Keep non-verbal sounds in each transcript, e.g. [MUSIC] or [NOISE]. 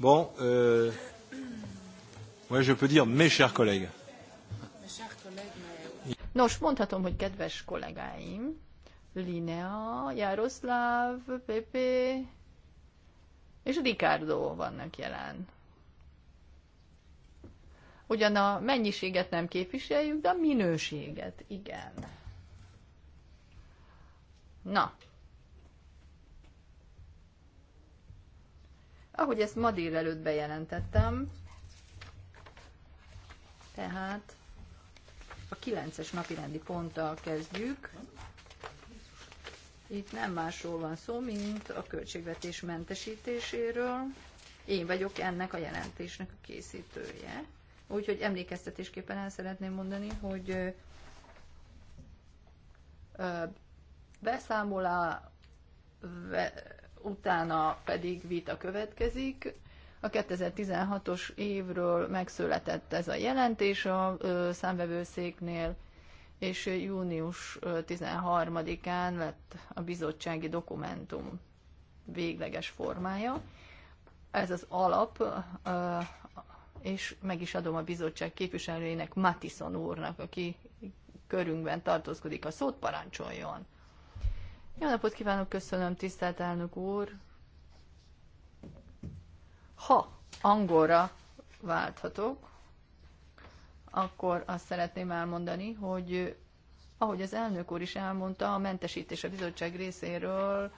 Bon, euh, ouais, je peux dire mes chers collègues. Nos, mondhatom, hogy kedves kollégáim, Linea, Jaroszláv, Pepe és Ricardo vannak jelen. Ugyan a mennyiséget nem képviseljük, de a minőséget igen. Na, Ahogy ezt ma délelőtt bejelentettem, tehát a 9-es rendi ponttal kezdjük. Itt nem másról van szó, mint a költségvetés mentesítéséről. Én vagyok ennek a jelentésnek a készítője. Úgyhogy emlékeztetésképpen el szeretném mondani, hogy beszámolá utána pedig vita következik. A 2016-os évről megszületett ez a jelentés a számvevőszéknél, és június 13-án lett a bizottsági dokumentum végleges formája. Ez az alap, és meg is adom a bizottság képviselőjének, Matison úrnak, aki körünkben tartózkodik a szót, parancsoljon. Jó napot kívánok, köszönöm, tisztelt elnök úr. Ha angolra válthatok, akkor azt szeretném elmondani, hogy ahogy az elnök úr is elmondta, a mentesítés a bizottság részéről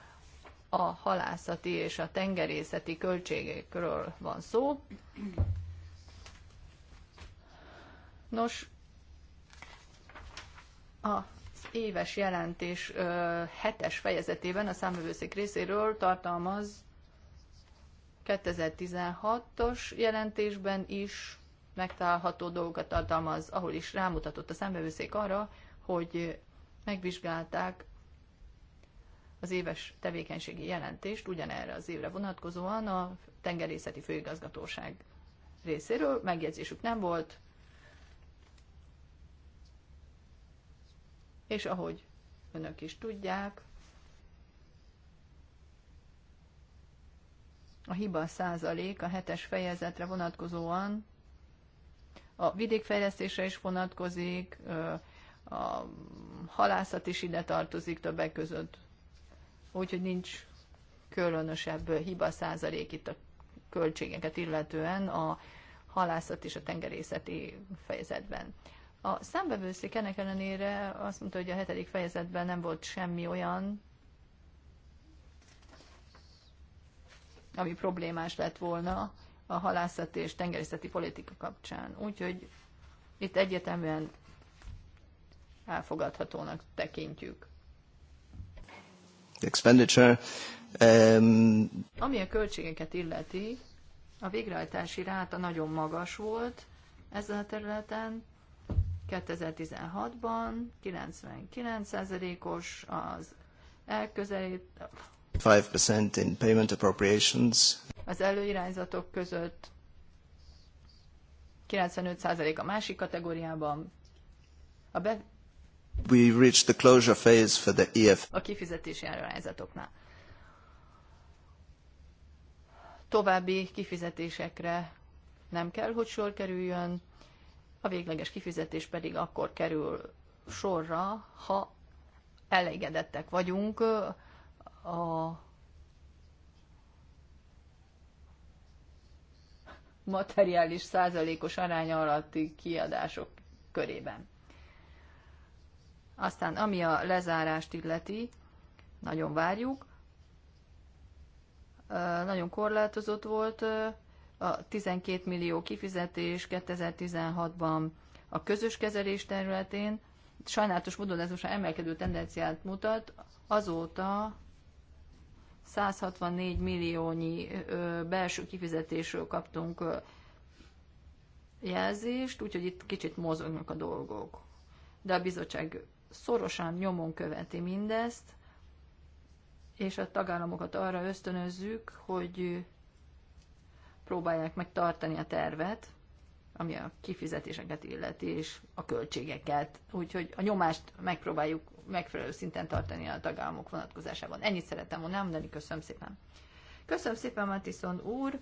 a halászati és a tengerészeti költségekről van szó. Nos, a éves jelentés hetes fejezetében a számvevőszék részéről tartalmaz 2016-os jelentésben is megtalálható dolgokat tartalmaz, ahol is rámutatott a számvevőszék arra, hogy megvizsgálták az éves tevékenységi jelentést ugyanerre az évre vonatkozóan a tengerészeti főigazgatóság részéről. Megjegyzésük nem volt, és ahogy önök is tudják, a hiba százalék a hetes fejezetre vonatkozóan a vidékfejlesztésre is vonatkozik, a halászat is ide tartozik többek között. Úgyhogy nincs különösebb hiba százalék itt a költségeket illetően a halászat és a tengerészeti fejezetben. A szembevőszék ennek ellenére azt mondta, hogy a hetedik fejezetben nem volt semmi olyan, ami problémás lett volna a halászati és tengerészeti politika kapcsán. Úgyhogy itt egyetemben elfogadhatónak tekintjük. The expenditure. Um... Ami a költségeket illeti, a végrehajtási ráta nagyon magas volt ezen a területen, 2016-ban 99%-os az elközelít... 5% in payment appropriations. Az előirányzatok között 95% a másik kategóriában. A be... We reached the closure phase for the EF. A kifizetési előirányzatoknál. További kifizetésekre nem kell, hogy sor kerüljön, a végleges kifizetés pedig akkor kerül sorra, ha elégedettek vagyunk a materiális százalékos arány alatti kiadások körében. Aztán ami a lezárást illeti, nagyon várjuk. Nagyon korlátozott volt a 12 millió kifizetés 2016-ban a közös kezelés területén. Sajnálatos módon ez most emelkedő tendenciát mutat, azóta 164 milliónyi belső kifizetésről kaptunk jelzést, úgyhogy itt kicsit mozognak a dolgok. De a bizottság szorosan nyomon követi mindezt, és a tagállamokat arra ösztönözzük, hogy próbálják meg tartani a tervet, ami a kifizetéseket illeti, és a költségeket. Úgyhogy a nyomást megpróbáljuk megfelelő szinten tartani a tagállamok vonatkozásában. Ennyit szerettem volna mondani, köszönöm szépen. Köszönöm szépen, Matison úr.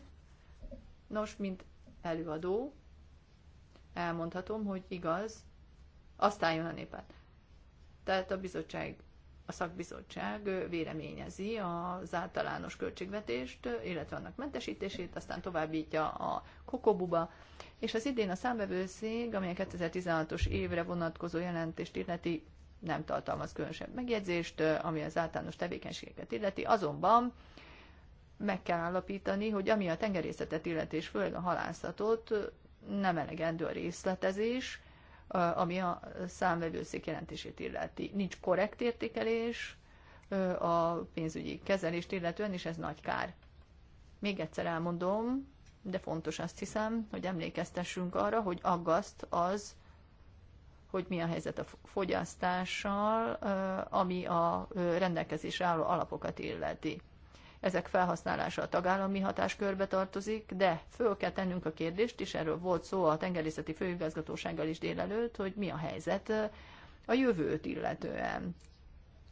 Nos, mint előadó, elmondhatom, hogy igaz, aztán jön a népet. Tehát a bizottság a szakbizottság véleményezi az általános költségvetést, illetve annak mentesítését, aztán továbbítja a kokobuba, és az idén a számbevőszég, ami a 2016-os évre vonatkozó jelentést illeti, nem tartalmaz különösebb megjegyzést, ami az általános tevékenységeket illeti, azonban meg kell állapítani, hogy ami a tengerészetet illeti, és főleg a halászatot, nem elegendő a részletezés, ami a számvevőszék jelentését illeti. Nincs korrekt értékelés a pénzügyi kezelést illetően, és ez nagy kár. Még egyszer elmondom, de fontos azt hiszem, hogy emlékeztessünk arra, hogy aggaszt az, hogy mi a helyzet a fogyasztással, ami a rendelkezésre álló alapokat illeti ezek felhasználása a tagállami hatáskörbe tartozik, de föl kell tennünk a kérdést, és erről volt szó a tengerészeti főigazgatósággal is délelőtt, hogy mi a helyzet eh, a jövőt illetően.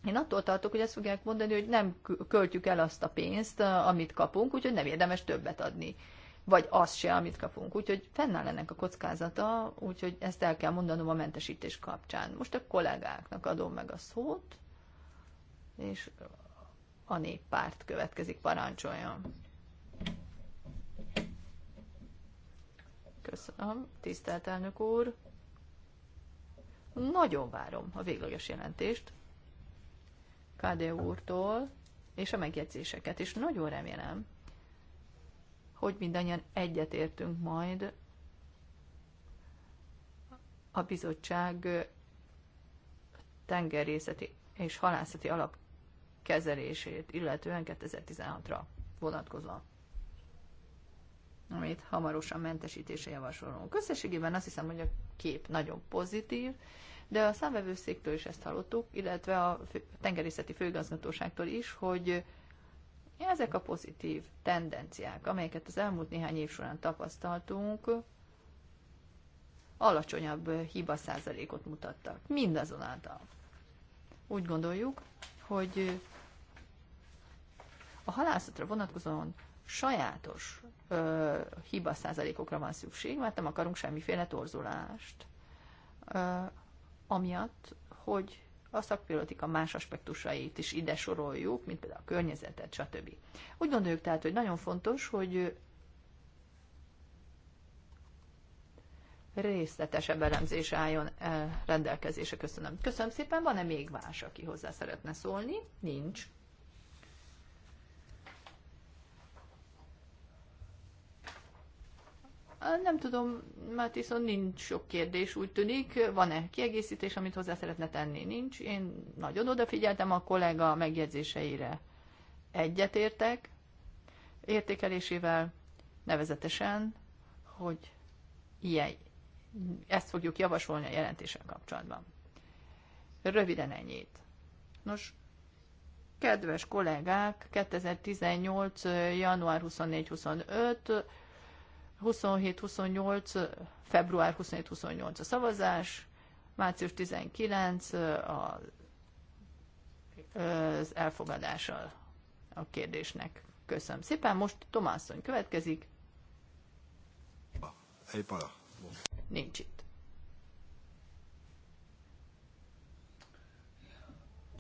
Én attól tartok, hogy ezt fogják mondani, hogy nem költjük el azt a pénzt, eh, amit kapunk, úgyhogy nem érdemes többet adni. Vagy az se, amit kapunk. Úgyhogy fennáll ennek a kockázata, úgyhogy ezt el kell mondanom a mentesítés kapcsán. Most a kollégáknak adom meg a szót, és a néppárt következik, parancsoljon. Köszönöm, tisztelt elnök úr. Nagyon várom a végleges jelentést KD úrtól, és a megjegyzéseket, és nagyon remélem, hogy mindannyian egyetértünk majd a bizottság tengerészeti és halászati alap kezelését, illetően 2016-ra vonatkozóan amit hamarosan mentesítése javasolunk. Összességében azt hiszem, hogy a kép nagyon pozitív, de a számvevőszéktől is ezt hallottuk, illetve a tengerészeti főigazgatóságtól is, hogy ezek a pozitív tendenciák, amelyeket az elmúlt néhány év során tapasztaltunk, alacsonyabb hiba százalékot mutattak. Mindazonáltal. Úgy gondoljuk, hogy a halászatra vonatkozóan sajátos ö, hiba százalékokra van szükség, mert nem akarunk semmiféle torzulást. Ö, amiatt, hogy a szakpilotika más aspektusait is ide soroljuk, mint például a környezetet, stb. Úgy gondoljuk tehát, hogy nagyon fontos, hogy részletesebb elemzés álljon rendelkezése. Köszönöm. Köszönöm szépen. Van-e még más, aki hozzá szeretne szólni? Nincs. Nem tudom, mert viszont nincs sok kérdés, úgy tűnik. Van-e kiegészítés, amit hozzá szeretne tenni? Nincs. Én nagyon odafigyeltem a kollega megjegyzéseire. Egyetértek értékelésével, nevezetesen, hogy ilyen, ezt fogjuk javasolni a jelentéssel kapcsolatban. Röviden ennyit. Nos, kedves kollégák, 2018. január 24-25 27-28, február 27-28 a szavazás, március 19 a, az elfogadása a kérdésnek. Köszönöm szépen. Most Tomászony következik. Nincs itt.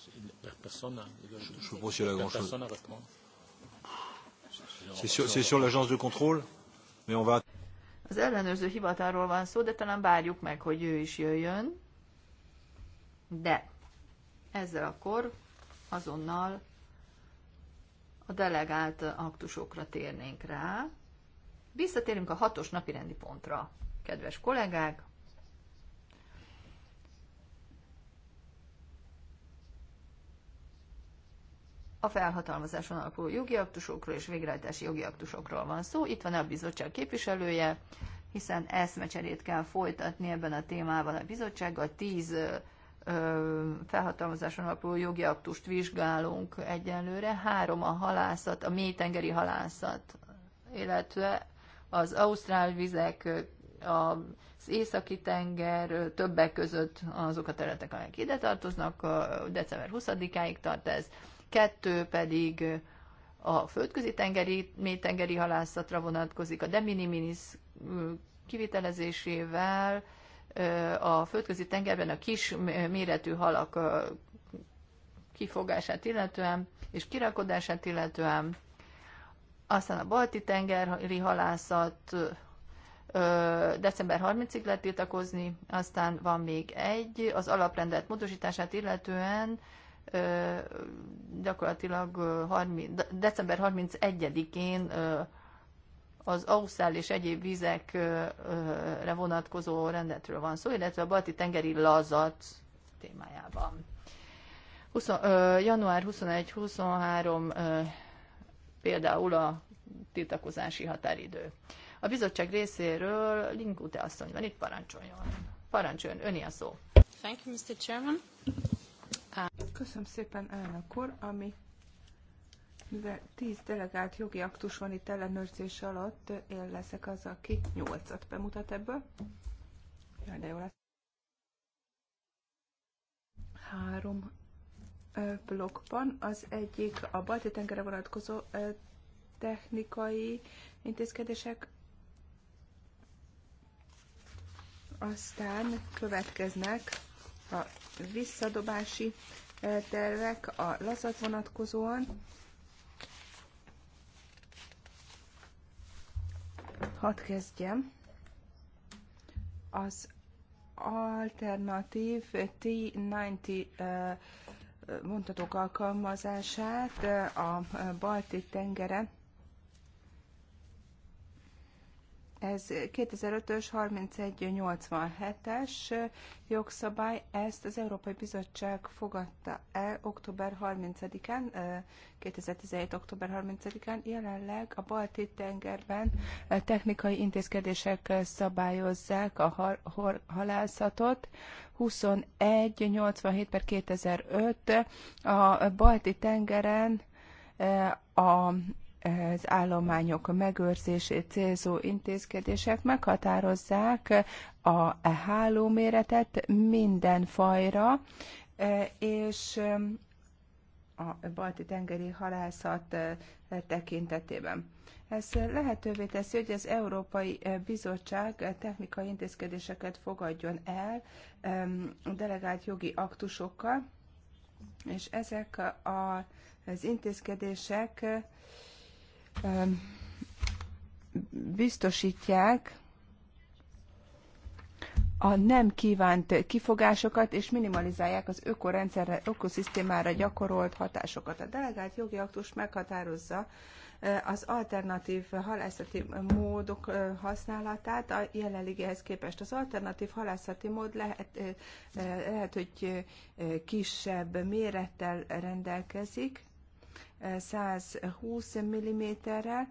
Je ne pas grand chose. C'est sur, sur l'agence de contrôle az ellenőrző hivatalról van szó, de talán várjuk meg, hogy ő is jöjjön. De ezzel akkor azonnal a delegált aktusokra térnénk rá. Visszatérünk a hatos napi rendi pontra, kedves kollégák. a felhatalmazáson alapuló jogi aktusokról és végrehajtási jogi aktusokról van szó. Itt van a bizottság képviselője, hiszen eszmecserét kell folytatni ebben a témában a bizottsággal. Tíz felhatalmazáson alapuló jogi aktust vizsgálunk egyenlőre. Három a halászat, a mélytengeri halászat, illetve az ausztrál vizek, az északi tenger, többek között azok a területek, amelyek ide tartoznak, december 20-áig tart ez kettő pedig a földközi tengeri, mélytengeri halászatra vonatkozik, a de minimis kivitelezésével a földközi tengerben a kis méretű halak kifogását illetően és kirakodását illetően, aztán a balti tengeri halászat december 30-ig lehet tiltakozni, aztán van még egy, az alaprendelt módosítását illetően gyakorlatilag 30, december 31-én az Ausztrál és egyéb vizekre vonatkozó rendetről van szó, illetve a balti tengeri lazat témájában. 20, január 21-23 például a tiltakozási határidő. A bizottság részéről Linkute asszony van itt, parancsoljon. Parancsoljon, öni a szó. Thank you, Mr. Chairman. Köszönöm szépen, elnök úr, ami mivel tíz delegált jogi aktus van itt ellenőrzés alatt, én leszek az, aki nyolcat bemutat ebből. Jaj, de jó lesz. Három blokkban. Az egyik a balti tengere vonatkozó technikai intézkedések, aztán következnek a visszadobási e, tervek a lazat vonatkozóan. Hadd kezdjem. Az alternatív T90 e, e, mondhatók alkalmazását a balti tengeren Ez 2005-ös 3187-es jogszabály, ezt az Európai Bizottság fogadta el október 30-án, 2017. október 30-án, jelenleg a Balti tengerben technikai intézkedések szabályozzák a halászatot. 2187 per 2005 a Balti tengeren a az állományok megőrzését célzó intézkedések meghatározzák a hálóméretet minden fajra, e, és a balti tengeri halászat e, tekintetében. Ez lehetővé teszi, hogy az Európai e, Bizottság technikai intézkedéseket fogadjon el delegált jogi aktusokkal, és ezek az intézkedések biztosítják a nem kívánt kifogásokat, és minimalizálják az ökorendszerre, ökoszisztémára gyakorolt hatásokat. A delegált jogi aktus meghatározza az alternatív halászati módok használatát a jelenlegihez képest. Az alternatív halászati mód lehet, lehet, hogy kisebb mérettel rendelkezik, 120 mm-rel,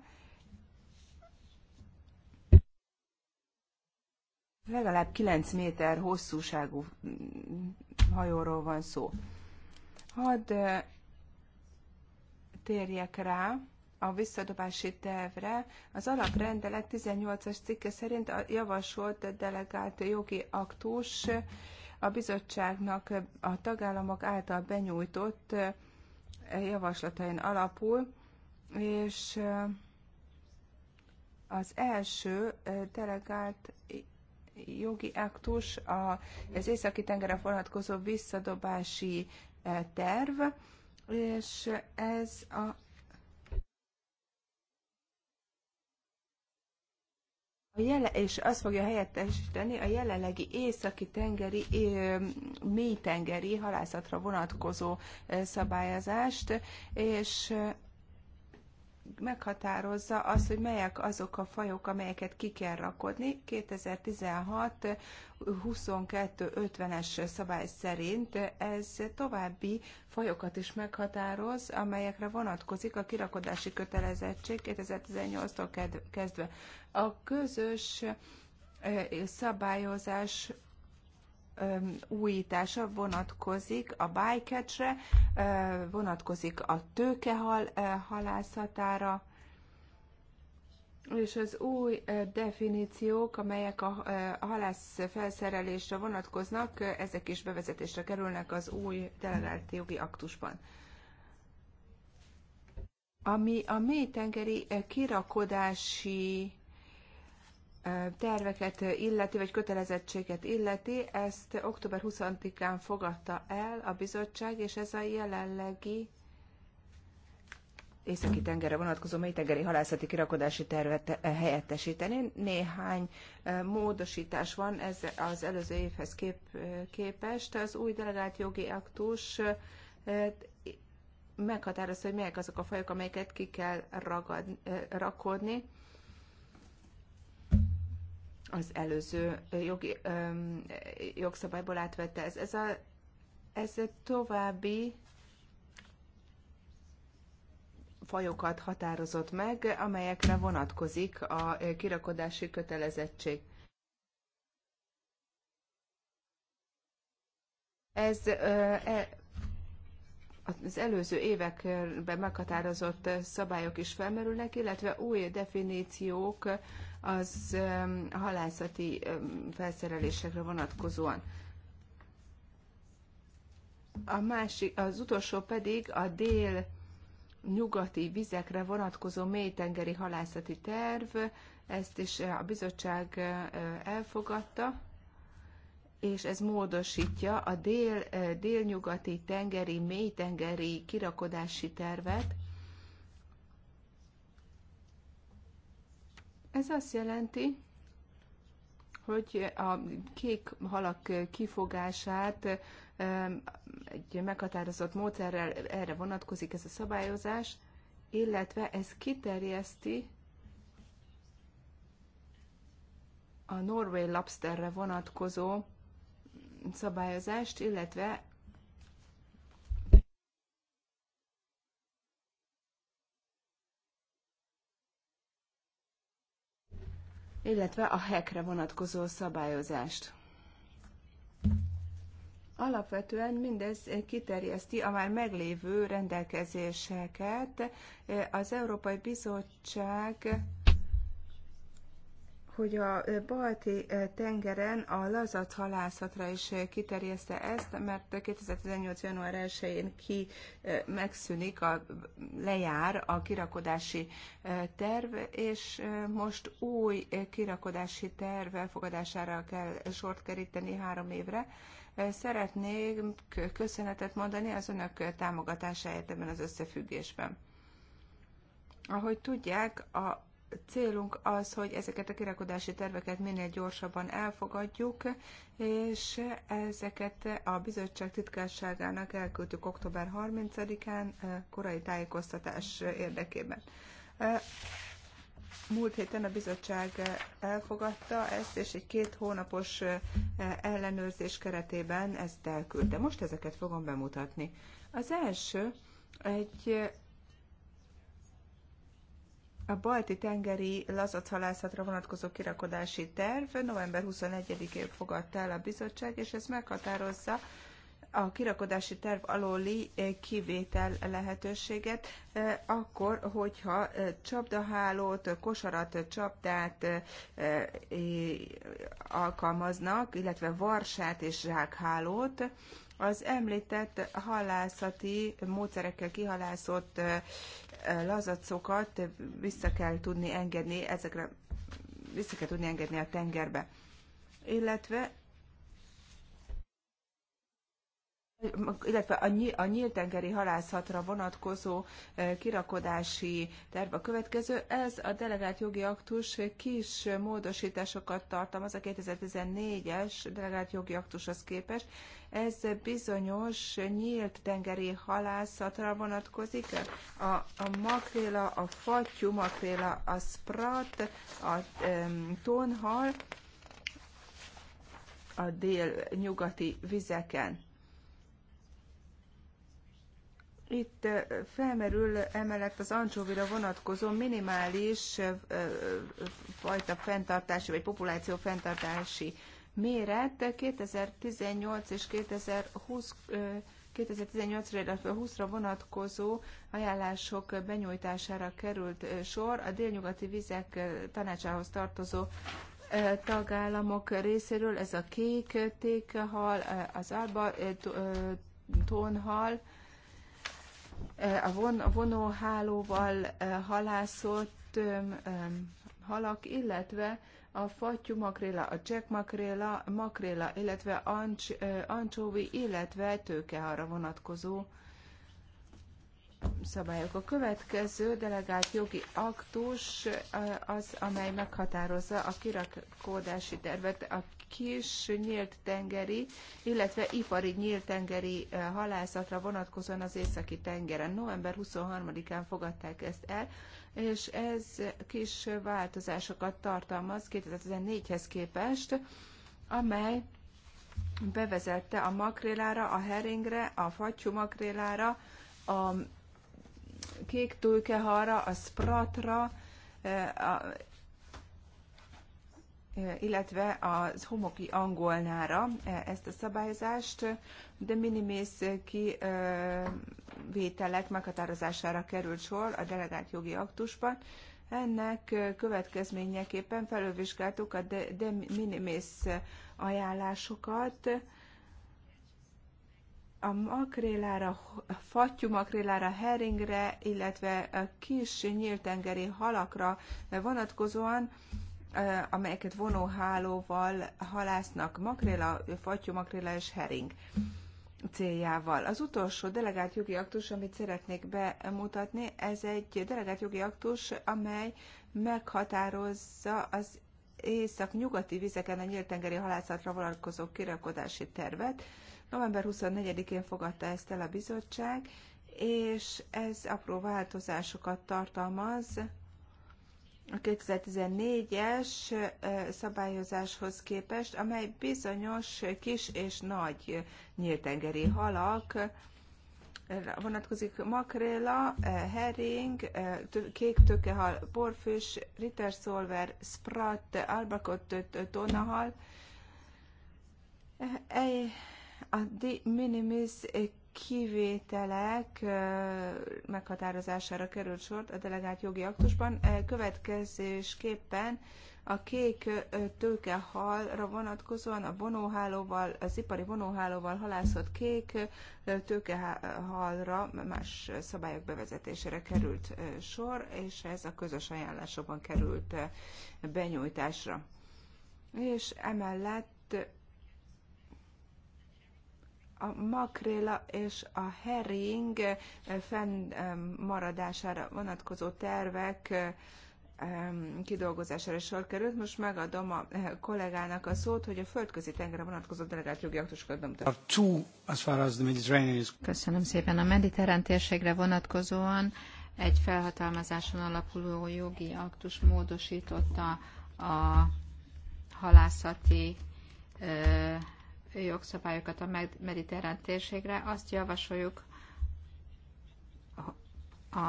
legalább 9 méter hosszúságú hajóról van szó. Hadd térjek rá a visszadobási tervre. Az alaprendelet 18-as cikke szerint a javasolt delegált jogi aktus a bizottságnak a tagállamok által benyújtott javaslatain alapul, és az első delegált jogi aktus az északi tengerre vonatkozó visszadobási terv, és ez a A jele, és azt fogja helyettesíteni a jelenlegi északi tengeri, mélytengeri halászatra vonatkozó szabályozást, és meghatározza azt, hogy melyek azok a fajok, amelyeket ki kell rakodni. 2016-22-50-es szabály szerint ez további fajokat is meghatároz, amelyekre vonatkozik a kirakodási kötelezettség 2018-tól kezdve. A közös eh, szabályozás újítása vonatkozik a bycatchre, vonatkozik a tőkehal halászatára, és az új definíciók, amelyek a halász felszerelésre vonatkoznak, ezek is bevezetésre kerülnek az új delegált jogi aktusban. Ami a mélytengeri kirakodási terveket illeti, vagy kötelezettséget illeti, ezt október 20-án fogadta el a bizottság, és ez a jelenlegi északi tengerre vonatkozó mélytengeri halászati kirakodási tervet eh, helyettesíteni. Néhány eh, módosítás van ez az előző évhez kép, eh, képest. Az új delegált jogi aktus meghatározta, hogy melyek azok a fajok, amelyeket ki kell ragad, rakodni az előző jogi, öm, jogszabályból átvette. Ez, ez, a, ez a további fajokat határozott meg, amelyekre vonatkozik a kirakodási kötelezettség. Ez e, az előző években meghatározott szabályok is felmerülnek, illetve új definíciók az halászati felszerelésekre vonatkozóan. A másik, az utolsó pedig a dél nyugati vizekre vonatkozó mélytengeri halászati terv, ezt is a bizottság elfogadta, és ez módosítja a dél, délnyugati tengeri, mélytengeri kirakodási tervet, Ez azt jelenti, hogy a kék halak kifogását egy meghatározott módszerrel erre vonatkozik ez a szabályozás, illetve ez kiterjeszti a Norway Lobsterre vonatkozó szabályozást, illetve illetve a hekre vonatkozó szabályozást. Alapvetően mindez kiterjeszti a már meglévő rendelkezéseket. Az Európai Bizottság hogy a balti tengeren a lazac halászatra is kiterjeszte ezt, mert 2018. január 1-én ki megszűnik, a, lejár a kirakodási terv, és most új kirakodási terv elfogadására kell sort keríteni három évre. Szeretnék köszönetet mondani az önök támogatásáért ebben az összefüggésben. Ahogy tudják, a célunk az, hogy ezeket a kirakodási terveket minél gyorsabban elfogadjuk, és ezeket a bizottság titkárságának elküldtük október 30-án eh, korai tájékoztatás érdekében. Eh, múlt héten a bizottság eh, elfogadta ezt, és egy két hónapos ellenőrzés keretében ezt elküldte. Most ezeket fogom bemutatni. Az első egy a balti tengeri lazac halászatra vonatkozó kirakodási terv november 21-én fogadta el a bizottság, és ez meghatározza a kirakodási terv alóli eh, kivétel lehetőséget, eh, akkor, hogyha eh, csapdahálót, kosarat, csapdát alkalmaznak, illetve varsát és zsákhálót, az említett halászati módszerekkel kihalászott lazacokat vissza kell tudni engedni ezekre, vissza kell tudni engedni a tengerbe. Illetve illetve a, ny- a nyíltengeri halászatra vonatkozó e, kirakodási terv a következő. Ez a delegált jogi aktus kis módosításokat tartalmaz a 2014-es delegált jogi aktushoz képest. Ez bizonyos nyílt tengeri halászatra vonatkozik. A, a makréla, a fattyú makréla, a sprat, a e, tonhal, a dél-nyugati vizeken itt felmerül emellett az ancsóvira vonatkozó minimális fajta fenntartási vagy populáció fenntartási méret 2018 és 2020 2018-ra, illetve 20-ra vonatkozó ajánlások benyújtására került sor a délnyugati vizek tanácsához tartozó tagállamok részéről. Ez a kék tékhal, az alba tónhal, a, von, a vonóhálóval halászott halak, illetve a fattyú makréla, a csek makréla, makréla illetve ancs, ancsóvi, illetve arra vonatkozó szabályok. A következő delegált jogi aktus az, amely meghatározza a kirakódási tervet. A kis nyílt tengeri, illetve ipari nyílt tengeri eh, halászatra vonatkozóan az északi tengeren. November 23-án fogadták ezt el, és ez kis változásokat tartalmaz 2014-hez képest, amely bevezette a makrélára, a heringre, a fattyú makrélára, a kék tőkehalra, a spratra, eh, a illetve az homoki angolnára ezt a szabályozást, de minimis kivételek meghatározására került sor a delegált jogi aktusban. Ennek következményeképpen felülvizsgáltuk a de, de minimis ajánlásokat, a makrélára, a fattyú makrélára, heringre, illetve a kis nyíltengeri halakra vonatkozóan amelyeket vonóhálóval halásznak makréla, fattyú makréla és hering céljával. Az utolsó delegált jogi aktus, amit szeretnék bemutatni, ez egy delegált jogi aktus, amely meghatározza az észak-nyugati vizeken a nyíltengeri halászatra vonatkozó kirakodási tervet. November 24-én fogadta ezt el a bizottság, és ez apró változásokat tartalmaz a 2014-es szabályozáshoz képest, amely bizonyos kis és nagy nyíltengeri halak, vonatkozik makréla, hering, kék tökehal, porfős, ritterszolver, sprat, albakott, tonahal, a minimis kivételek meghatározására került sor a delegált jogi aktusban. Következésképpen a kék tőkehalra vonatkozóan a vonóhálóval, az ipari vonóhálóval halászott kék tőkehalra más szabályok bevezetésére került sor, és ez a közös ajánlásokban került benyújtásra. És emellett a makréla és a hering eh, fennmaradására vonatkozó tervek eh, kidolgozására sor került. Most megadom a eh, kollégának a szót, hogy a földközi tengerre vonatkozó delegált jogi aktusokat bemutassa. Köszönöm szépen. A mediterrán térségre vonatkozóan egy felhatalmazáson alapuló jogi aktus módosította a halászati jogszabályokat a mediterrán térségre, azt javasoljuk a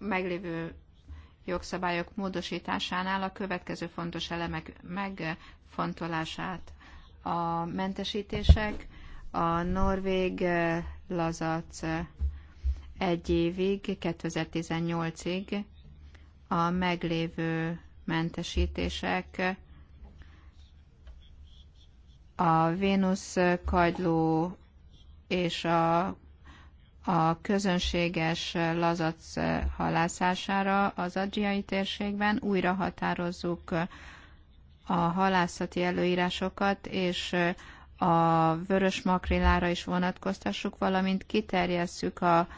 meglévő jogszabályok módosításánál a következő fontos elemek megfontolását. A mentesítések, a norvég eh, lazac eh, egy évig, 2018-ig a meglévő mentesítések a Vénusz kagyló és a, a közönséges lazac halászására az adjai térségben újra határozzuk a halászati előírásokat, és a vörös makrilára is vonatkoztassuk, valamint kiterjesszük a,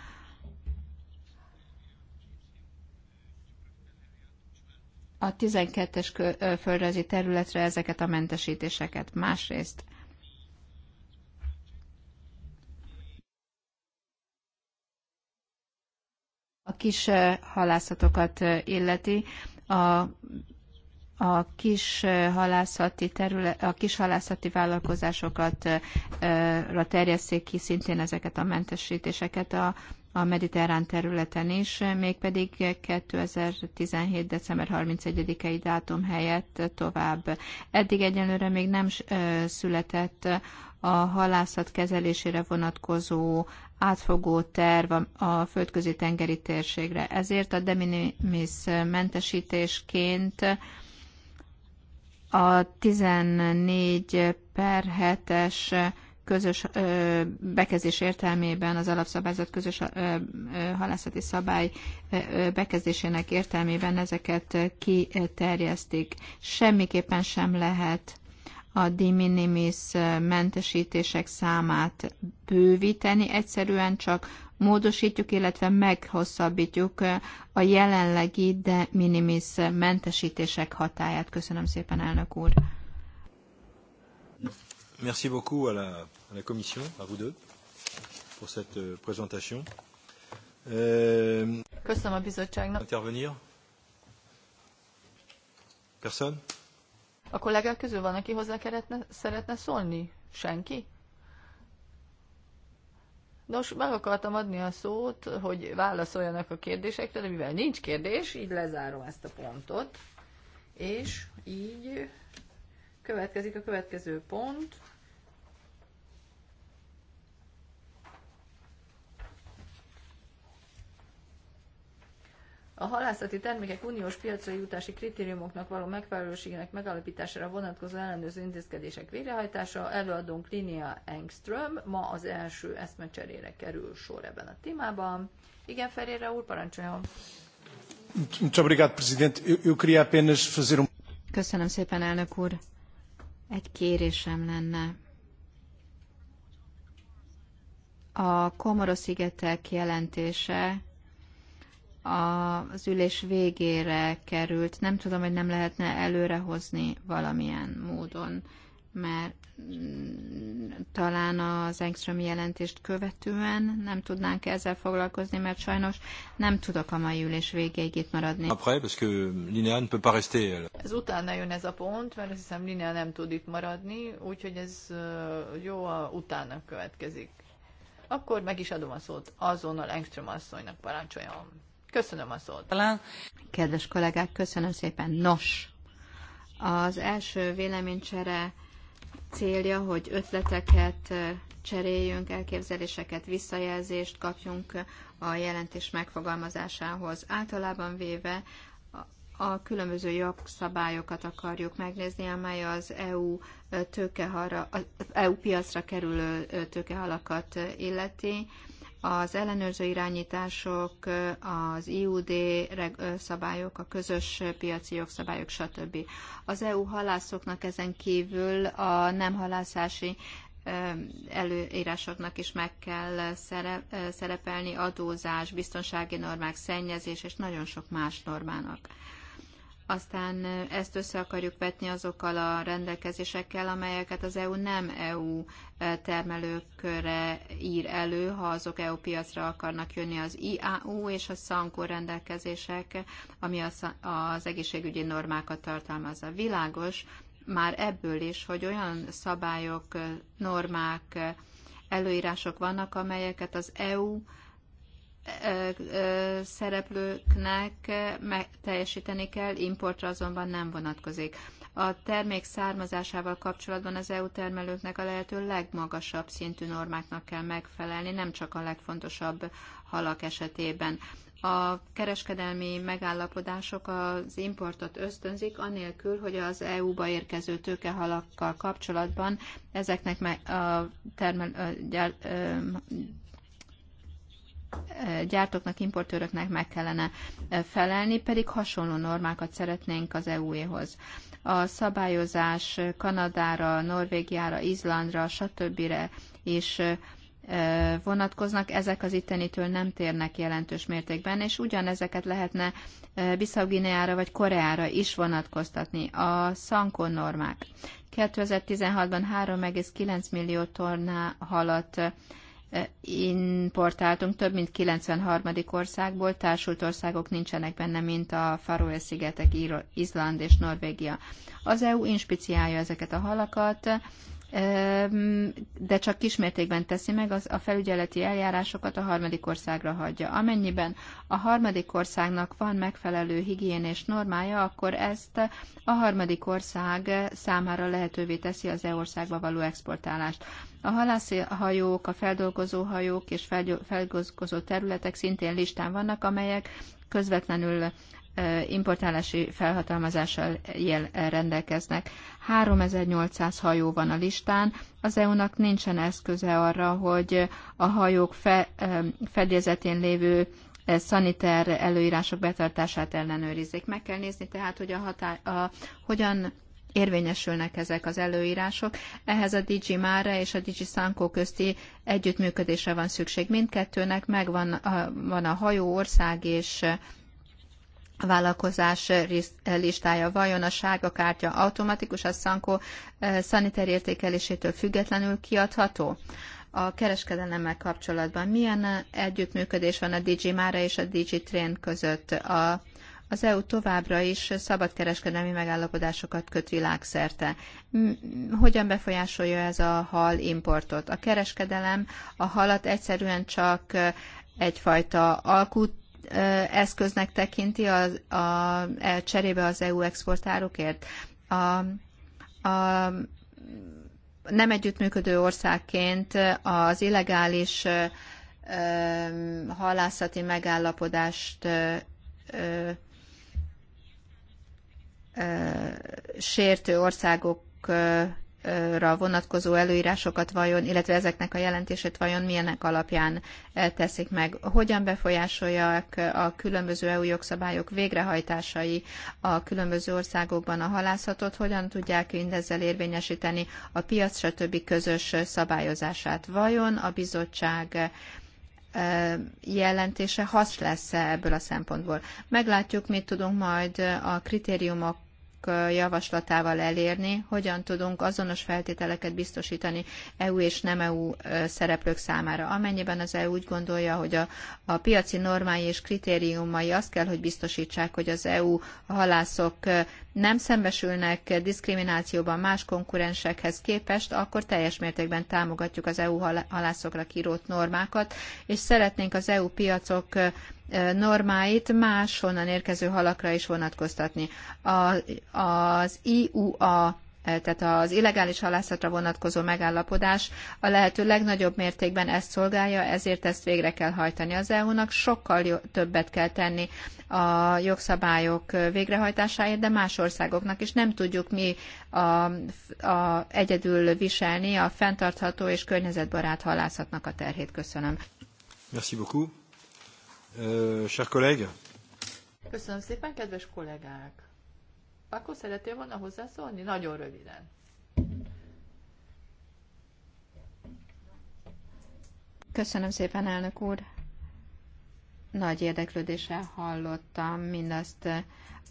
a 12-es földrajzi területre ezeket a mentesítéseket. Másrészt a kis halászatokat illeti, a, a kis halászati terület, a kis halászati vállalkozásokat terjesszék ki szintén ezeket a mentesítéseket. A a mediterrán területen is, mégpedig 2017. december 31-i dátum helyett tovább. Eddig egyenlőre még nem született a halászat kezelésére vonatkozó átfogó terv a földközi tengeri térségre. Ezért a de minimis mentesítésként a 14 per 7-es közös bekezdés értelmében, az alapszabályzat közös halászati szabály bekezdésének értelmében ezeket kiterjesztik. Semmiképpen sem lehet a de minimis mentesítések számát bővíteni, egyszerűen csak módosítjuk, illetve meghosszabbítjuk a jelenlegi de minimis mentesítések hatáját. Köszönöm szépen, elnök úr! Merci beaucoup à la, à la Commission, à vous deux, pour cette euh, présentation. Euh, Köszönöm a bizottságnak. Intervenir? Personne? A kollégák közül van, aki hozzá keretne, szeretne szólni? Senki? Nos, meg akartam adni a szót, hogy válaszoljanak a kérdésekre, de mivel nincs kérdés, így lezárom ezt a pontot, és így Következik a következő pont. A halászati termékek uniós piacra jutási kritériumoknak való megfelelőségének megalapítására vonatkozó ellenőrző intézkedések végrehajtása. Előadónk Linia Engström ma az első eszmecserére kerül sor ebben a témában. Igen, Ferére úr, parancsoljon! Um- Köszönöm szépen, elnök úr! Egy kérésem lenne. A Komoroszigetek jelentése az ülés végére került. Nem tudom, hogy nem lehetne előrehozni valamilyen módon mert mm, talán az Engström jelentést követően nem tudnánk ezzel foglalkozni, mert sajnos nem tudok a mai ülés végéig itt maradni. Après, parce que Linéa ne peut pas rester. Ez utána jön ez a pont, mert azt hiszem Linéa nem tud itt maradni, úgyhogy ez jó, a utána következik. Akkor meg is adom a szót azonnal Engström asszonynak parancsoljon. Köszönöm a szót. Talán... Kedves kollégák, köszönöm szépen. Nos, az első véleménycsere célja, hogy ötleteket cseréljünk, elképzeléseket, visszajelzést kapjunk a jelentés megfogalmazásához. Általában véve a különböző jogszabályokat akarjuk megnézni, amely az EU, tőkeharra, az EU piacra kerülő tőkehalakat illeti az ellenőrző irányítások, az IUD szabályok, a közös piaci jogszabályok, stb. Az EU halászoknak ezen kívül a nem halászási előírásoknak is meg kell szerepelni adózás, biztonsági normák, szennyezés és nagyon sok más normának aztán ezt össze akarjuk vetni azokkal a rendelkezésekkel, amelyeket az EU nem EU termelőkre ír elő, ha azok EU piacra akarnak jönni az IAU és a SZANKO rendelkezések, ami az egészségügyi normákat tartalmazza. Világos már ebből is, hogy olyan szabályok, normák, előírások vannak, amelyeket az EU szereplőknek teljesíteni kell, importra azonban nem vonatkozik. A termék származásával kapcsolatban az EU termelőknek a lehető legmagasabb szintű normáknak kell megfelelni, nem csak a legfontosabb halak esetében. A kereskedelmi megállapodások az importot ösztönzik, anélkül, hogy az EU-ba érkező tőkehalakkal kapcsolatban ezeknek a termel, gyártóknak, importőröknek meg kellene eh, felelni, pedig hasonló normákat szeretnénk az EU-éhoz. A szabályozás Kanadára, Norvégiára, Izlandra, stb. is eh, vonatkoznak, ezek az ittenitől nem térnek jelentős mértékben, és ugyanezeket lehetne eh, bissau vagy Koreára is vonatkoztatni a szankon normák. 2016-ban 3,9 millió tonna halat importáltunk több mint 93. országból, társult országok nincsenek benne, mint a Faroe-szigetek, Izland és Norvégia. Az EU inspiciálja ezeket a halakat, de csak kismértékben teszi meg, az a felügyeleti eljárásokat a harmadik országra hagyja. Amennyiben a harmadik országnak van megfelelő higiénés normája, akkor ezt a harmadik ország számára lehetővé teszi az EU országba való exportálást. A halászhajók, a feldolgozó hajók és feldolgozó területek szintén listán vannak, amelyek közvetlenül importálási felhatalmazással jel rendelkeznek. 3800 hajó van a listán. Az EU-nak nincsen eszköze arra, hogy a hajók fe, fedélzetén lévő szaniter előírások betartását ellenőrizzék. Meg kell nézni tehát, hogy a hatá- a, hogyan érvényesülnek ezek az előírások. Ehhez a DG Mare és a DG Szánkó közti együttműködésre van szükség. Mindkettőnek megvan a, van a hajó ország és vállalkozás listája. Vajon a sárga kártya automatikus, a sanko eh, szaniter értékelésétől függetlenül kiadható? A kereskedelemmel kapcsolatban milyen eh, együttműködés van a DG Mára és a DG Train között? A az EU továbbra is szabadkereskedelmi megállapodásokat köt világszerte. Hogyan befolyásolja ez a hal importot? A kereskedelem a halat egyszerűen csak egyfajta alkut eszköznek tekinti a, a, e, cserébe az EU exportárokért. A, a nem együttműködő országként az illegális ö, halászati megállapodást ö, ö, sértő országokra vonatkozó előírásokat vajon, illetve ezeknek a jelentését vajon milyenek alapján teszik meg. Hogyan befolyásolják a különböző EU jogszabályok végrehajtásai a különböző országokban a halászatot, hogyan tudják mindezzel érvényesíteni a piac, stb. közös szabályozását. Vajon a bizottság jelentése hasz lesz -e ebből a szempontból. Meglátjuk, mit tudunk majd a kritériumok javaslatával elérni, hogyan tudunk azonos feltételeket biztosítani EU és nem EU szereplők számára. Amennyiben az EU úgy gondolja, hogy a, a piaci normái és kritériumai azt kell, hogy biztosítsák, hogy az EU halászok nem szembesülnek diszkriminációban más konkurensekhez képest, akkor teljes mértékben támogatjuk az EU halászokra kirót normákat, és szeretnénk az EU piacok normáit máshonnan érkező halakra is vonatkoztatni. A, az IUA tehát az illegális halászatra vonatkozó megállapodás a lehető legnagyobb mértékben ezt szolgálja, ezért ezt végre kell hajtani az EU-nak. Sokkal többet kell tenni a jogszabályok végrehajtásáért, de más országoknak is nem tudjuk mi a, a egyedül viselni a fenntartható és környezetbarát halászatnak a terhét. Köszönöm. Merci beaucoup. Euh, chers collègues. Köszönöm szépen, kedves kollégák! Akkor szeretél volna hozzászólni? Nagyon röviden. Köszönöm szépen, elnök úr! Nagy érdeklődéssel hallottam mindazt,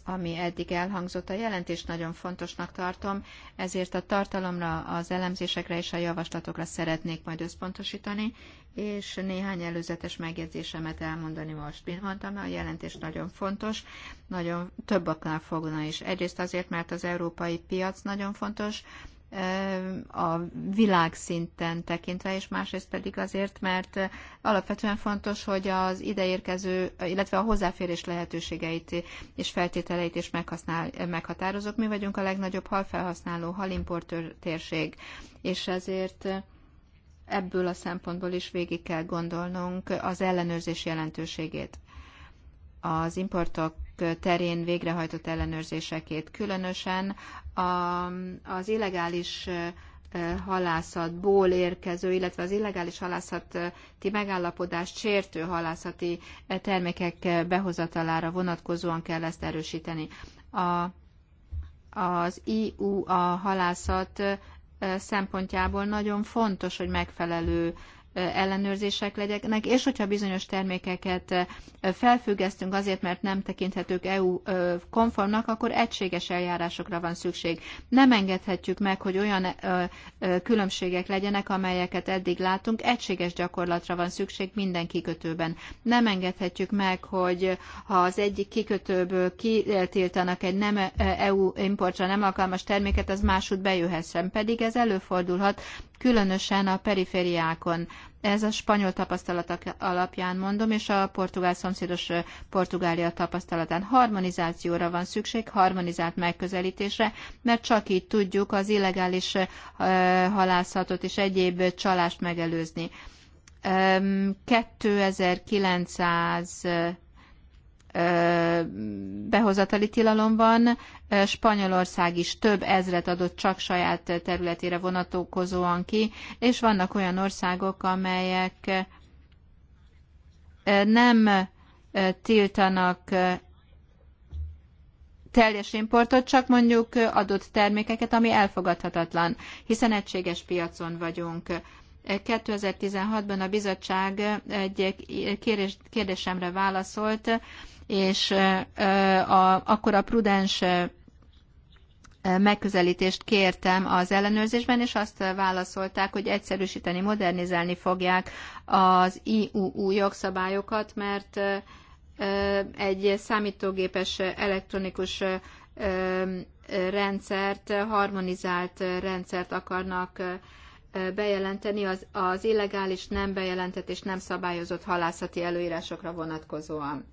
ami eddig elhangzott. A jelentést nagyon fontosnak tartom, ezért a tartalomra, az elemzésekre és a javaslatokra szeretnék majd összpontosítani, és néhány előzetes megjegyzésemet elmondani most. Mint mondtam, a jelentés nagyon fontos, nagyon több oknál fogna is. Egyrészt azért, mert az európai piac nagyon fontos, a világszinten tekintve, és másrészt pedig azért, mert alapvetően fontos, hogy az ideérkező, illetve a hozzáférés lehetőségeit és feltételeit is meghatározok. Mi vagyunk a legnagyobb halfelhasználó, halimportőr térség, és ezért ebből a szempontból is végig kell gondolnunk az ellenőrzés jelentőségét. Az importok terén végrehajtott ellenőrzésekét, különösen a, az illegális halászatból érkező, illetve az illegális halászati megállapodást sértő halászati termékek behozatalára vonatkozóan kell ezt erősíteni. A, az EU a halászat szempontjából nagyon fontos, hogy megfelelő ellenőrzések legyenek, és hogyha bizonyos termékeket felfüggesztünk azért, mert nem tekinthetők EU konformnak, akkor egységes eljárásokra van szükség. Nem engedhetjük meg, hogy olyan különbségek legyenek, amelyeket eddig látunk, egységes gyakorlatra van szükség minden kikötőben. Nem engedhetjük meg, hogy ha az egyik kikötőből kitiltanak egy nem EU importra nem alkalmas terméket, az máshogy bejöhessen. Pedig ez előfordulhat, különösen a perifériákon. Ez a spanyol tapasztalatok alapján mondom, és a portugál szomszédos Portugália tapasztalatán. Harmonizációra van szükség, harmonizált megközelítésre, mert csak így tudjuk az illegális halászatot és egyéb csalást megelőzni. 2900 behozatali tilalom van. Spanyolország is több ezret adott csak saját területére vonatkozóan ki, és vannak olyan országok, amelyek nem tiltanak teljes importot, csak mondjuk adott termékeket, ami elfogadhatatlan, hiszen egységes piacon vagyunk. 2016-ban a bizottság egy kérdésemre válaszolt, és a, akkor a prudens megközelítést kértem az ellenőrzésben, és azt válaszolták, hogy egyszerűsíteni, modernizálni fogják az IUU jogszabályokat, mert egy számítógépes elektronikus rendszert, harmonizált rendszert akarnak bejelenteni az, az illegális, nem bejelentett és nem szabályozott halászati előírásokra vonatkozóan.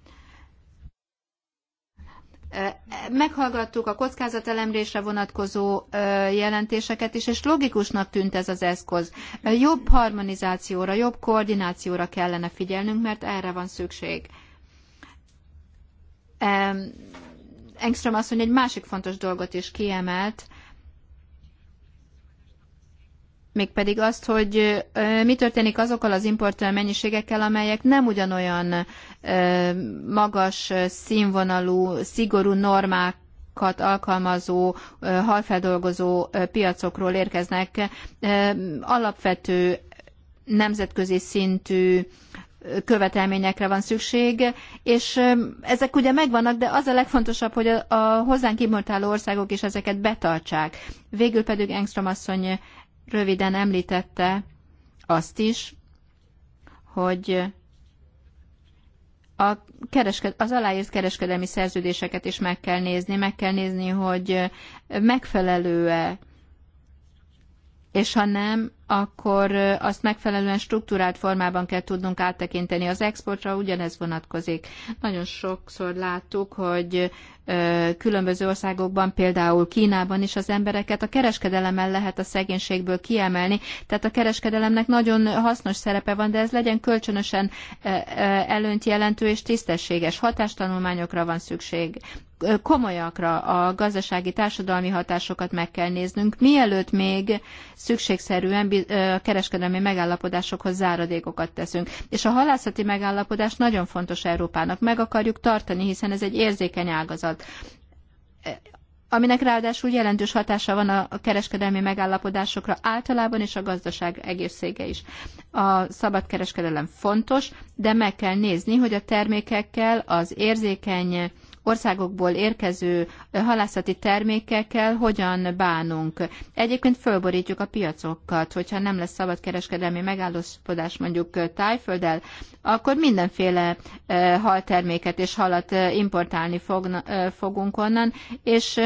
Meghallgattuk a kockázatelemlésre vonatkozó jelentéseket is, és logikusnak tűnt ez az eszköz. Jobb harmonizációra, jobb koordinációra kellene figyelnünk, mert erre van szükség. Engström asszony egy másik fontos dolgot is kiemelt, mégpedig azt, hogy mi történik azokkal az importőr mennyiségekkel, amelyek nem ugyanolyan magas színvonalú, szigorú normák alkalmazó, halfeldolgozó piacokról érkeznek alapvető nemzetközi szintű követelményekre van szükség, és ezek ugye megvannak, de az a legfontosabb, hogy a, a hozzánk importáló országok is ezeket betartsák. Végül pedig Engström asszony röviden említette azt is, hogy a keresked, az aláírt kereskedelmi szerződéseket is meg kell nézni, meg kell nézni, hogy megfelelő-e és ha nem, akkor azt megfelelően struktúrált formában kell tudnunk áttekinteni. Az exportra ugyanez vonatkozik. Nagyon sokszor láttuk, hogy különböző országokban, például Kínában is az embereket a kereskedelemmel lehet a szegénységből kiemelni. Tehát a kereskedelemnek nagyon hasznos szerepe van, de ez legyen kölcsönösen előnyt jelentő és tisztességes. Hatástanulmányokra van szükség komolyakra a gazdasági, társadalmi hatásokat meg kell néznünk, mielőtt még szükségszerűen kereskedelmi megállapodásokhoz záradékokat teszünk. És a halászati megállapodás nagyon fontos Európának, meg akarjuk tartani, hiszen ez egy érzékeny ágazat aminek ráadásul jelentős hatása van a kereskedelmi megállapodásokra általában, és a gazdaság egészsége is. A szabad kereskedelem fontos, de meg kell nézni, hogy a termékekkel az érzékeny országokból érkező halászati termékekkel hogyan bánunk. Egyébként fölborítjuk a piacokat, hogyha nem lesz szabadkereskedelmi megállapodás mondjuk tájfölddel, akkor mindenféle e, halterméket és halat e, importálni e, fogunk onnan, és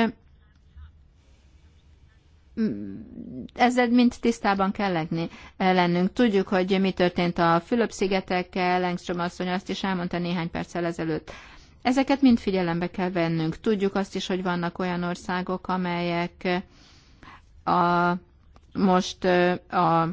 ezzel mind tisztában kell lenni, lennünk. Tudjuk, hogy mi történt a Fülöp-szigetekkel, Lengström asszony azt is elmondta néhány perccel ezelőtt. Ezeket mind figyelembe kell vennünk. Tudjuk azt is, hogy vannak olyan országok, amelyek a, most a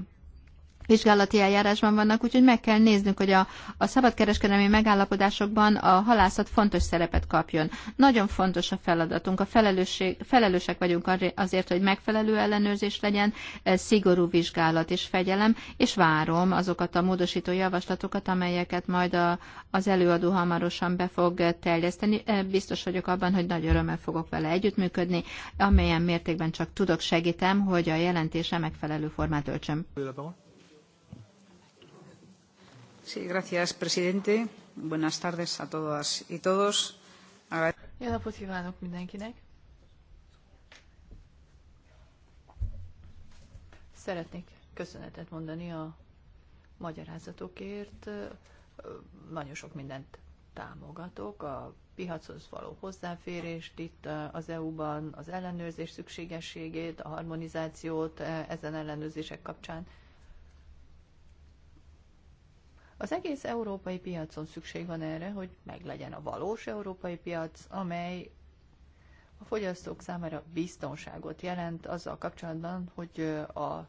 vizsgálati eljárásban vannak, úgyhogy meg kell néznünk, hogy a, a szabadkereskedelmi megállapodásokban a halászat fontos szerepet kapjon. Nagyon fontos a feladatunk, a felelősség, felelősek vagyunk azért, hogy megfelelő ellenőrzés legyen, e, szigorú vizsgálat és fegyelem, és várom azokat a módosító javaslatokat, amelyeket majd a, az előadó hamarosan be fog terjeszteni. E, biztos vagyok abban, hogy nagy örömmel fogok vele együttműködni, amelyen mértékben csak tudok segítem, hogy a jelentése megfelelő formát öltsöm gracias, presidente. Buenas tardes a todas y todos. Jó napot kívánok mindenkinek! Szeretnék köszönetet mondani a magyarázatokért. Nagyon sok mindent támogatok, a piachoz való hozzáférést itt az EU-ban, az ellenőrzés szükségességét, a harmonizációt ezen ellenőrzések kapcsán. Az egész európai piacon szükség van erre, hogy meglegyen a valós európai piac, amely a fogyasztók számára biztonságot jelent azzal kapcsolatban, hogy a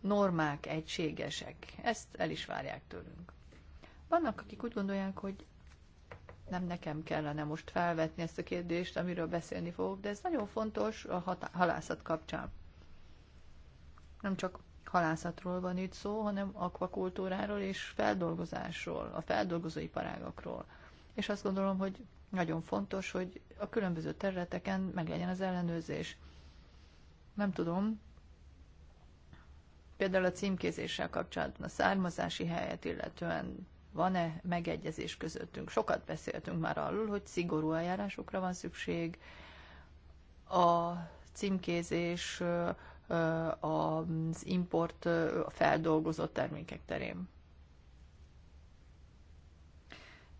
normák egységesek. Ezt el is várják tőlünk. Vannak, akik úgy gondolják, hogy nem nekem kellene most felvetni ezt a kérdést, amiről beszélni fogok, de ez nagyon fontos a halászat kapcsán. Nem csak halászatról van itt szó, hanem akvakultúráról és feldolgozásról, a feldolgozóiparágakról. És azt gondolom, hogy nagyon fontos, hogy a különböző területeken meg legyen az ellenőrzés. Nem tudom, például a címkézéssel kapcsolatban a származási helyet illetően van-e megegyezés közöttünk? Sokat beszéltünk már arról, hogy szigorú eljárásokra van szükség, a címkézés az import a feldolgozott termékek terén.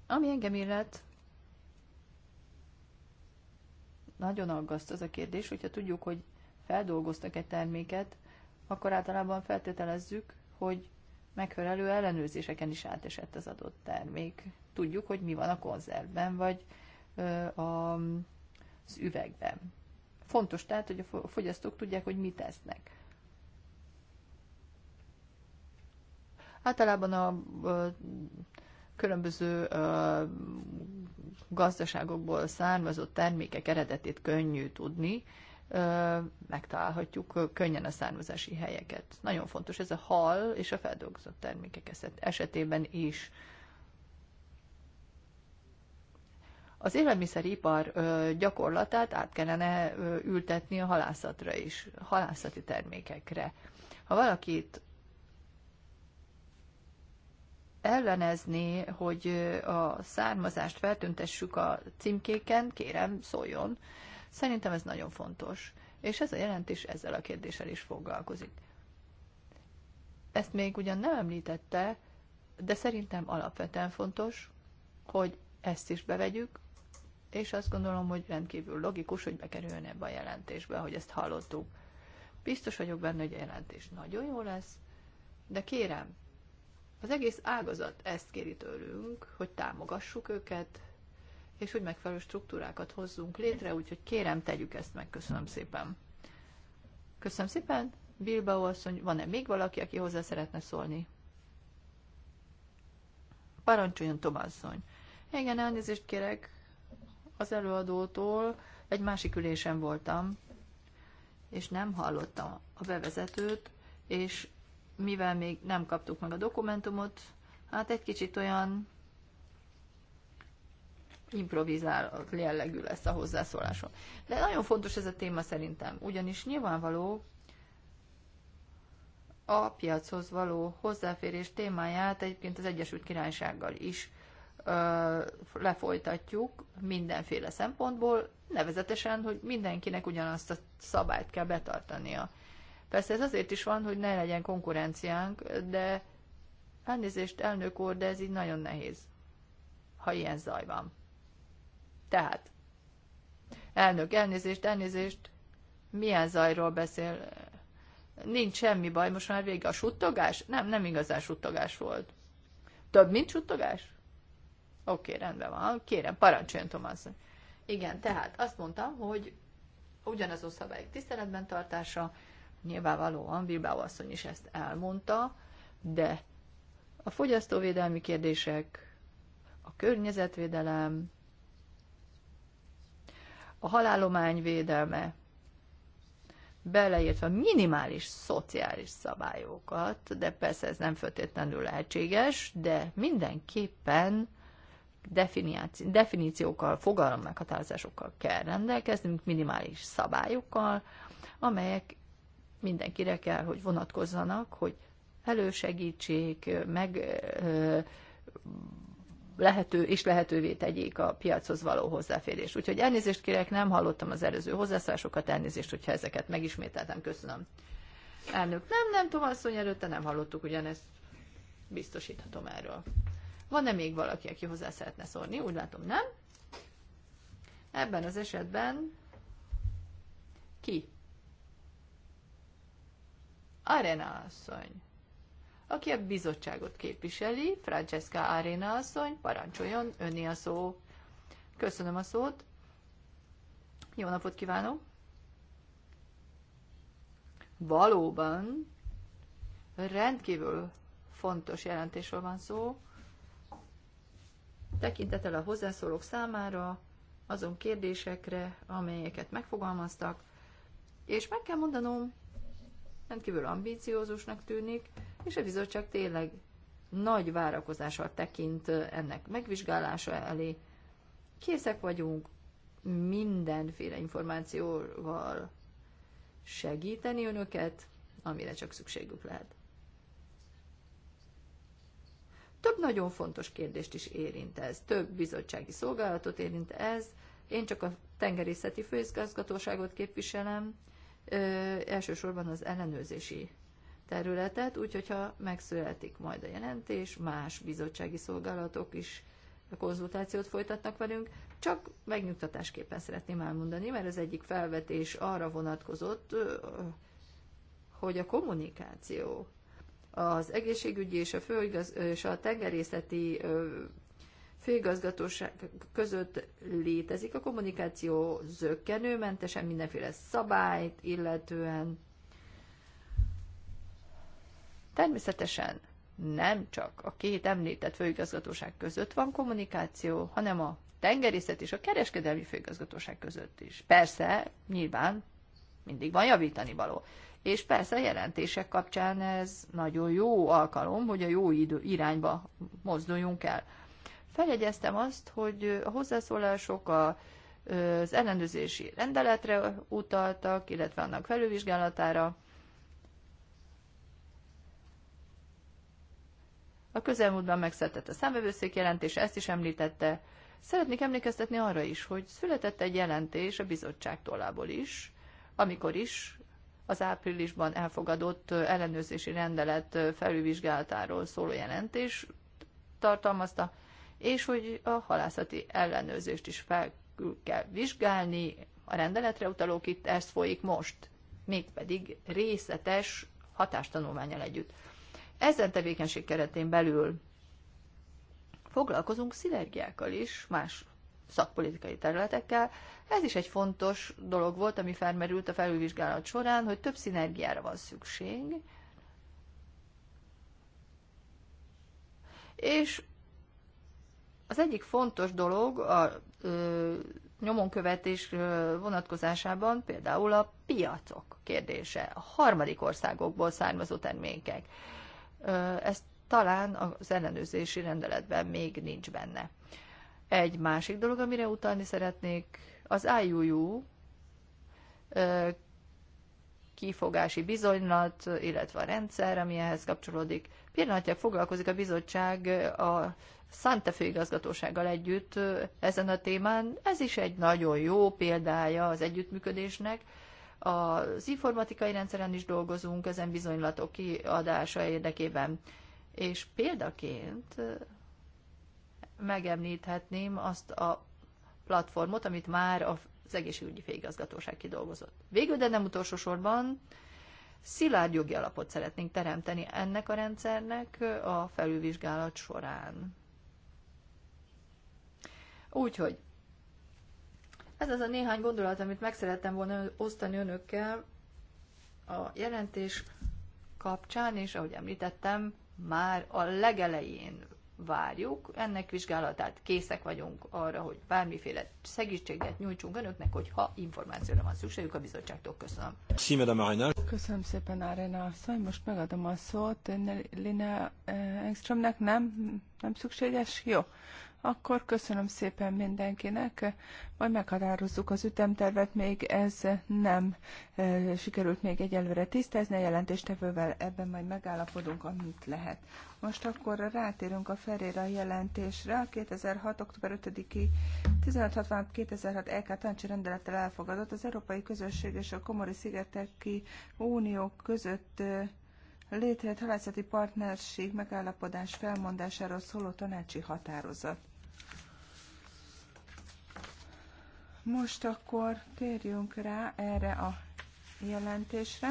Ami engem illet, nagyon aggaszt az a kérdés, hogyha tudjuk, hogy feldolgoztak egy terméket, akkor általában feltételezzük, hogy megfelelő ellenőrzéseken is átesett az adott termék. Tudjuk, hogy mi van a konzervben, vagy az üvegben. Fontos tehát, hogy a fogyasztók tudják, hogy mit esznek. Általában a különböző gazdaságokból származó termékek eredetét könnyű tudni, megtalálhatjuk könnyen a származási helyeket. Nagyon fontos ez a hal és a feldolgozott termékek esetében is. Az élelmiszeripar gyakorlatát át kellene ültetni a halászatra is, halászati termékekre. Ha valakit ellenezni, hogy a származást feltüntessük a címkéken, kérem, szóljon. Szerintem ez nagyon fontos. És ez a jelentés ezzel a kérdéssel is foglalkozik. Ezt még ugyan nem említette, de szerintem alapvetően fontos, hogy ezt is bevegyük, és azt gondolom, hogy rendkívül logikus, hogy bekerüljön ebbe a jelentésbe, ahogy ezt hallottuk. Biztos vagyok benne, hogy a jelentés nagyon jó lesz, de kérem, az egész ágazat ezt kéri tőlünk, hogy támogassuk őket, és hogy megfelelő struktúrákat hozzunk létre, úgyhogy kérem, tegyük ezt meg. Köszönöm szépen. Köszönöm szépen. Bilbao asszony, van-e még valaki, aki hozzá szeretne szólni? Parancsoljon Tomasszony. Igen, elnézést kérek, az előadótól egy másik ülésen voltam, és nem hallottam a bevezetőt, és mivel még nem kaptuk meg a dokumentumot, hát egy kicsit olyan improvizál jellegű lesz a hozzászólásom. De nagyon fontos ez a téma szerintem, ugyanis nyilvánvaló a piachoz való hozzáférés témáját egyébként az Egyesült Királysággal is lefolytatjuk mindenféle szempontból, nevezetesen, hogy mindenkinek ugyanazt a szabályt kell betartania. Persze ez azért is van, hogy ne legyen konkurenciánk, de elnézést, elnök úr, de ez így nagyon nehéz, ha ilyen zaj van. Tehát, elnök, elnézést, elnézést, milyen zajról beszél? Nincs semmi baj, most már vége a suttogás? Nem, nem igazán suttogás volt. Több, mint suttogás? Oké, okay, rendben van. Kérem, parancsoljon, Tomás. Igen, tehát azt mondtam, hogy a szabályok tiszteletben tartása, nyilvánvalóan Bilbao asszony is ezt elmondta, de a fogyasztóvédelmi kérdések, a környezetvédelem, a halálomány védelme, beleértve minimális szociális szabályokat, de persze ez nem feltétlenül lehetséges, de mindenképpen definíciókkal, fogalommeghatározásokkal kell rendelkeznünk, minimális szabályokkal, amelyek mindenkire kell, hogy vonatkozzanak, hogy elősegítsék, meg lehető, és lehetővé tegyék a piachoz való hozzáférést. Úgyhogy elnézést kérek, nem hallottam az előző hozzászásokat, elnézést, hogyha ezeket megismételtem, köszönöm. Elnök, nem, nem, Tomasszony előtte nem hallottuk ugyanezt. Biztosíthatom erről. Van-e még valaki, aki hozzá szeretne szólni? Úgy látom, nem. Ebben az esetben ki? Arena asszony, aki a bizottságot képviseli, Francesca Arena asszony, parancsoljon, önni a szó. Köszönöm a szót. Jó napot kívánok! Valóban rendkívül fontos jelentésről van szó, tekintetel a hozzászólók számára, azon kérdésekre, amelyeket megfogalmaztak, és meg kell mondanom, rendkívül ambíciózusnak tűnik, és a bizottság tényleg nagy várakozással tekint ennek megvizsgálása elé. Készek vagyunk mindenféle információval segíteni önöket, amire csak szükségük lehet. Több nagyon fontos kérdést is érint ez, több bizottsági szolgálatot érint ez. Én csak a tengerészeti főigazgatóságot képviselem, ö, elsősorban az ellenőrzési területet, úgyhogy ha megszületik majd a jelentés, más bizottsági szolgálatok is konzultációt folytatnak velünk, csak megnyugtatásképpen szeretném elmondani, mert az egyik felvetés arra vonatkozott, hogy a kommunikáció az egészségügyi és a, főigaz, és a tengerészeti főigazgatóság között létezik a kommunikáció zöggenőmentesen, mindenféle szabályt illetően. Természetesen nem csak a két említett főigazgatóság között van kommunikáció, hanem a tengerészet és a kereskedelmi főigazgatóság között is. Persze, nyilván mindig van javítani való és persze a jelentések kapcsán ez nagyon jó alkalom, hogy a jó idő irányba mozduljunk el. Feljegyeztem azt, hogy a hozzászólások a, az ellenőrzési rendeletre utaltak, illetve annak felülvizsgálatára. A közelmúltban megszületett a számvevőszék jelentése, ezt is említette. Szeretnék emlékeztetni arra is, hogy született egy jelentés a bizottság tollából is, amikor is az áprilisban elfogadott ellenőrzési rendelet felülvizsgálatáról szóló jelentés tartalmazta, és hogy a halászati ellenőrzést is fel kell vizsgálni, a rendeletre utalók itt, ezt folyik most, mégpedig részletes hatástanulmányal együtt. Ezen tevékenység keretén belül foglalkozunk szinergiákkal is más szakpolitikai területekkel. Ez is egy fontos dolog volt, ami felmerült a felülvizsgálat során, hogy több szinergiára van szükség, és az egyik fontos dolog a ö, nyomonkövetés vonatkozásában például a piacok kérdése, a harmadik országokból származó termékek. Ö, ez talán az ellenőrzési rendeletben még nincs benne. Ö, egy másik dolog, amire utalni szeretnék, az IUU kifogási bizonylat, illetve a rendszer, ami ehhez kapcsolódik. Pillanatnyilag foglalkozik a bizottság a Santa Fe igazgatósággal együtt ezen a témán. Ez is egy nagyon jó példája az együttműködésnek. Az informatikai rendszeren is dolgozunk ezen bizonylatok kiadása érdekében. És példaként megemlíthetném azt a platformot, amit már az egészségügyi főigazgatóság kidolgozott. Végül, de nem utolsó sorban, szilárd jogi alapot szeretnénk teremteni ennek a rendszernek a felülvizsgálat során. Úgyhogy ez az a néhány gondolat, amit meg szerettem volna osztani önökkel a jelentés kapcsán, és ahogy említettem, már a legelején várjuk ennek vizsgálatát, készek vagyunk arra, hogy bármiféle segítséget nyújtsunk önöknek, hogyha információra van szükségük a bizottságtól. Köszönöm. Köszönöm szépen, Arena asszony. Most megadom a szót Lina eh, Engströmnek. Nem? Nem szükséges? Jó. Akkor köszönöm szépen mindenkinek, majd meghatározzuk az ütemtervet, még ez nem e, sikerült még egyelőre tisztázni, a jelentéstevővel ebben majd megállapodunk, amit lehet. Most akkor rátérünk a Ferreira jelentésre, a 2006. október 5-i 1660 2006 EK tancsi rendelettel elfogadott az Európai Közösség és a Komori Szigeteki Unió között létrejött halászati partnerség megállapodás felmondásáról szóló tanácsi határozat. Most akkor térjünk rá erre a jelentésre,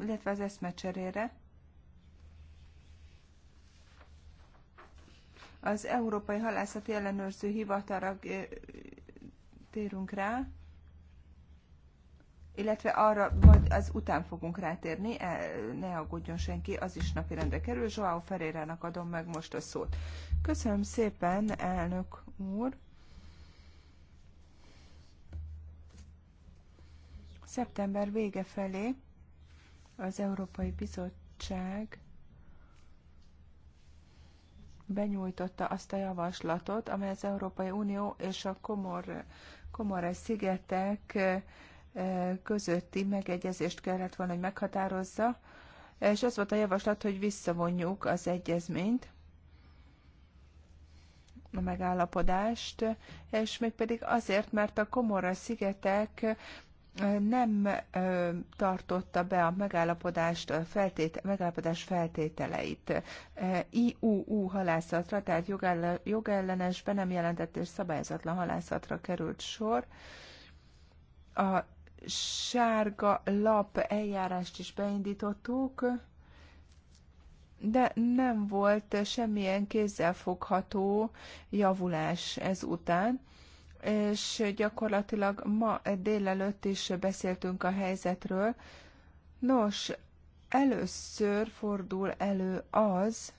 illetve az eszmecserére. Az Európai Halászati Ellenőrző Hivatalra eh, térünk rá, illetve arra majd az után fogunk rátérni, eh, ne aggódjon senki, az is napirendre kerül. Joao Ferreirának adom meg most a szót. Köszönöm szépen, elnök úr. Szeptember vége felé az Európai Bizottság benyújtotta azt a javaslatot, amely az Európai Unió és a Komor, Komorai szigetek eh, közötti megegyezést kellett volna, hogy meghatározza, és az volt a javaslat, hogy visszavonjuk az egyezményt a megállapodást, és mégpedig azért, mert a Komora szigetek nem tartotta be a megállapodást, a feltét, megállapodás feltételeit. IUU halászatra, tehát jogellenes, be nem jelentett és szabályozatlan halászatra került sor. A sárga lap eljárást is beindítottuk de nem volt semmilyen kézzelfogható javulás ezután, és gyakorlatilag ma délelőtt is beszéltünk a helyzetről. Nos, először fordul elő az,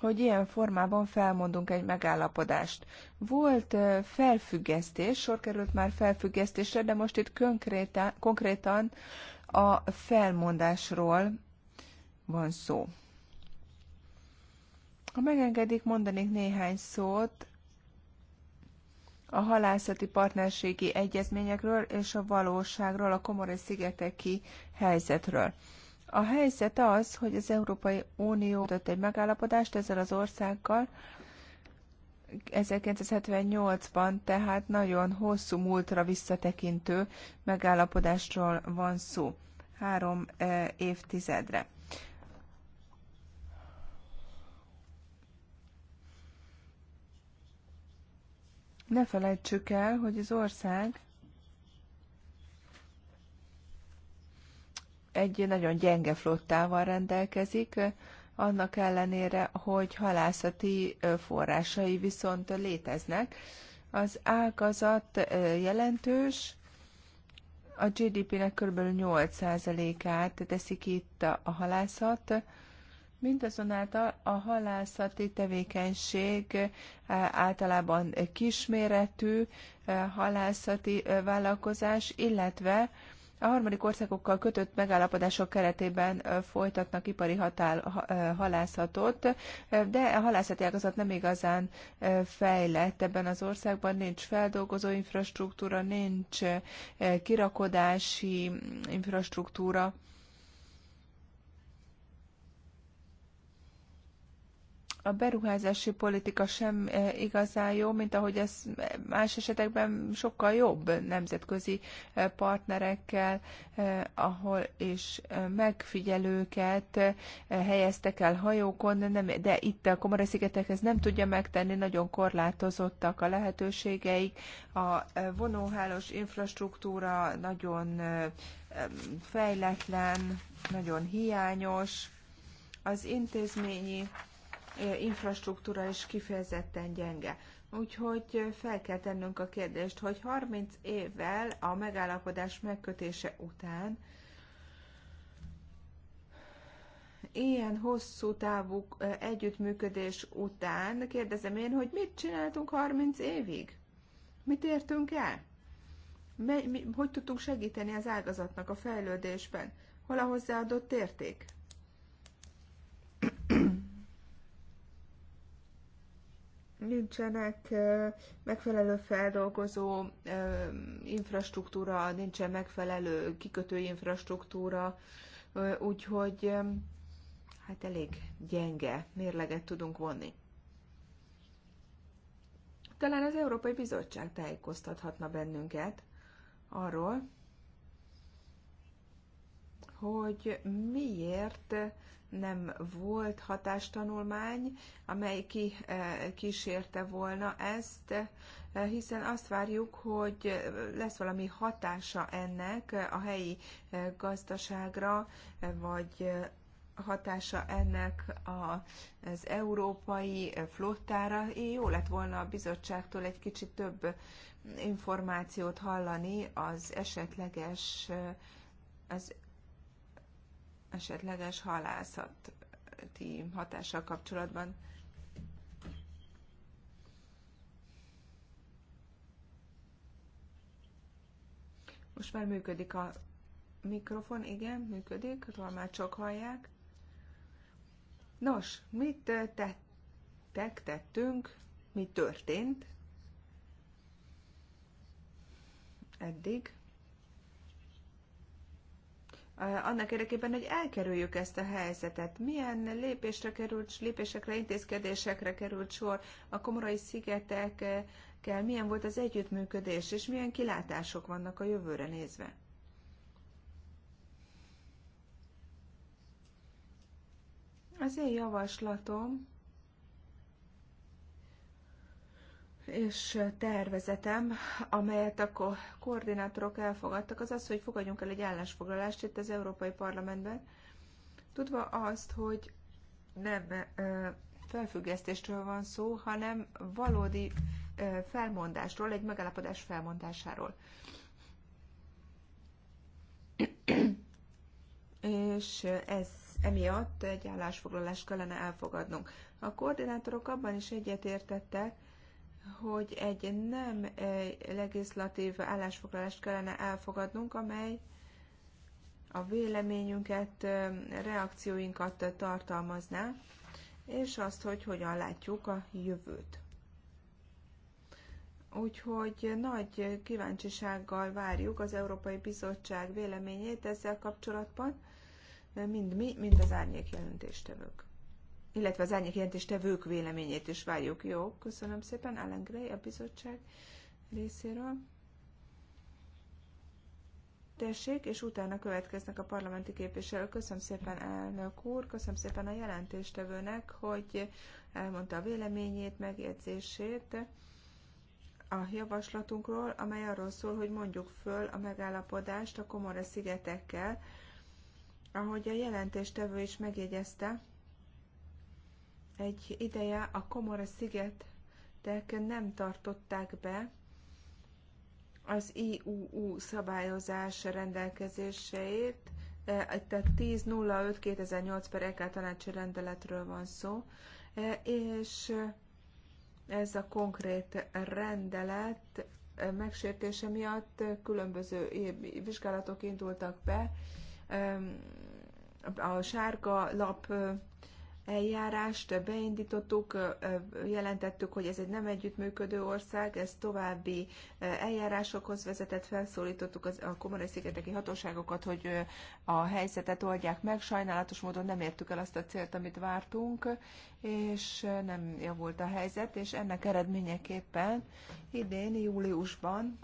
hogy ilyen formában felmondunk egy megállapodást. Volt felfüggesztés, sor került már felfüggesztésre, de most itt konkrétan, konkrétan a felmondásról van szó. Ha megengedik, mondanék néhány szót a halászati partnerségi egyezményekről és a valóságról, a komori szigeteki helyzetről. A helyzet az, hogy az Európai Unió adott egy megállapodást ezzel az országgal, 1978-ban, tehát nagyon hosszú múltra visszatekintő megállapodásról van szó, három eh, évtizedre. Ne felejtsük el, hogy az ország egy nagyon gyenge flottával rendelkezik, annak ellenére, hogy halászati forrásai viszont léteznek. Az ágazat jelentős, a GDP-nek kb. 8%-át teszik itt a halászat, Mindazonáltal a halászati tevékenység eh, általában kisméretű eh, halászati eh, vállalkozás, illetve a harmadik országokkal kötött megállapodások keretében folytatnak ipari hatál, halászatot, de a halászati ágazat nem igazán fejlett ebben az országban, nincs feldolgozó infrastruktúra, nincs kirakodási infrastruktúra a beruházási politika sem e, igazán jó, mint ahogy ez más esetekben sokkal jobb nemzetközi e, partnerekkel, e, ahol és megfigyelőket helyeztek el hajókon, nem, de itt a Komora-szigetek ez nem tudja megtenni, nagyon korlátozottak a lehetőségeik, a vonóhálós infrastruktúra nagyon fejletlen, nagyon hiányos, az intézményi infrastruktúra is kifejezetten gyenge. Úgyhogy fel kell tennünk a kérdést, hogy 30 évvel a megállapodás megkötése után ilyen hosszú távú együttműködés után kérdezem én, hogy mit csináltunk 30 évig? Mit értünk el? Mi, mi, hogy tudtunk segíteni az ágazatnak a fejlődésben? Hol a hozzáadott érték? nincsenek megfelelő feldolgozó infrastruktúra, nincsen megfelelő kikötő infrastruktúra, úgyhogy hát elég gyenge mérleget tudunk vonni. Talán az Európai Bizottság tájékoztathatna bennünket arról, hogy miért nem volt hatástanulmány, amely ki, eh, kísérte volna ezt, eh, hiszen azt várjuk, hogy lesz valami hatása ennek a helyi eh, gazdaságra, vagy hatása ennek az európai flottára. Jó lett volna a bizottságtól egy kicsit több információt hallani az esetleges az esetleges halászati hatással kapcsolatban. Most már működik a mikrofon, igen, működik, már csak hallják. Nos, mit tettek, tettünk, mi történt eddig? Eh, annak érdekében, hogy elkerüljük ezt a helyzetet. Milyen lépésre került, lépésekre, intézkedésekre került sor a komorai szigetekkel, milyen volt az együttműködés, és milyen kilátások vannak a jövőre nézve? Az én javaslatom és tervezetem, amelyet a koordinátorok elfogadtak, az az, hogy fogadjunk el egy állásfoglalást itt az Európai Parlamentben, tudva azt, hogy nem felfüggesztésről van szó, hanem valódi felmondásról, egy megállapodás felmondásáról. és ez emiatt egy állásfoglalást kellene elfogadnunk. A koordinátorok abban is egyetértettek, hogy egy nem legislatív állásfoglalást kellene elfogadnunk, amely a véleményünket, reakcióinkat tartalmazná, és azt, hogy hogyan látjuk a jövőt. Úgyhogy nagy kíváncsisággal várjuk az Európai Bizottság véleményét ezzel kapcsolatban, mind mi, mind az árnyék jelentéstevők illetve az árnyék jelentéstevők véleményét is várjuk. Jó, köszönöm szépen. Alan Gray, a bizottság részéről. Tessék, és utána következnek a parlamenti képviselők. Köszönöm szépen, elnök úr, köszönöm szépen a jelentéstevőnek, hogy elmondta a véleményét, megjegyzését a javaslatunkról, amely arról szól, hogy mondjuk föl a megállapodást a Komore szigetekkel. Ahogy a jelentéstevő is megjegyezte, egy ideje a Komora szigetek nem tartották be az IUU szabályozás rendelkezéseit. E, tehát 10.05.2008 per EK tanácsi rendeletről van szó, e, és ez a konkrét rendelet e, megsértése miatt különböző vizsgálatok indultak be. A sárga lap eljárást beindítottuk, jelentettük, hogy ez egy nem együttműködő ország, ez további eljárásokhoz vezetett, felszólítottuk a Komorai-szigeteki hatóságokat, hogy a helyzetet oldják meg, sajnálatos módon nem értük el azt a célt, amit vártunk, és nem javult a helyzet, és ennek eredményeképpen idén, júliusban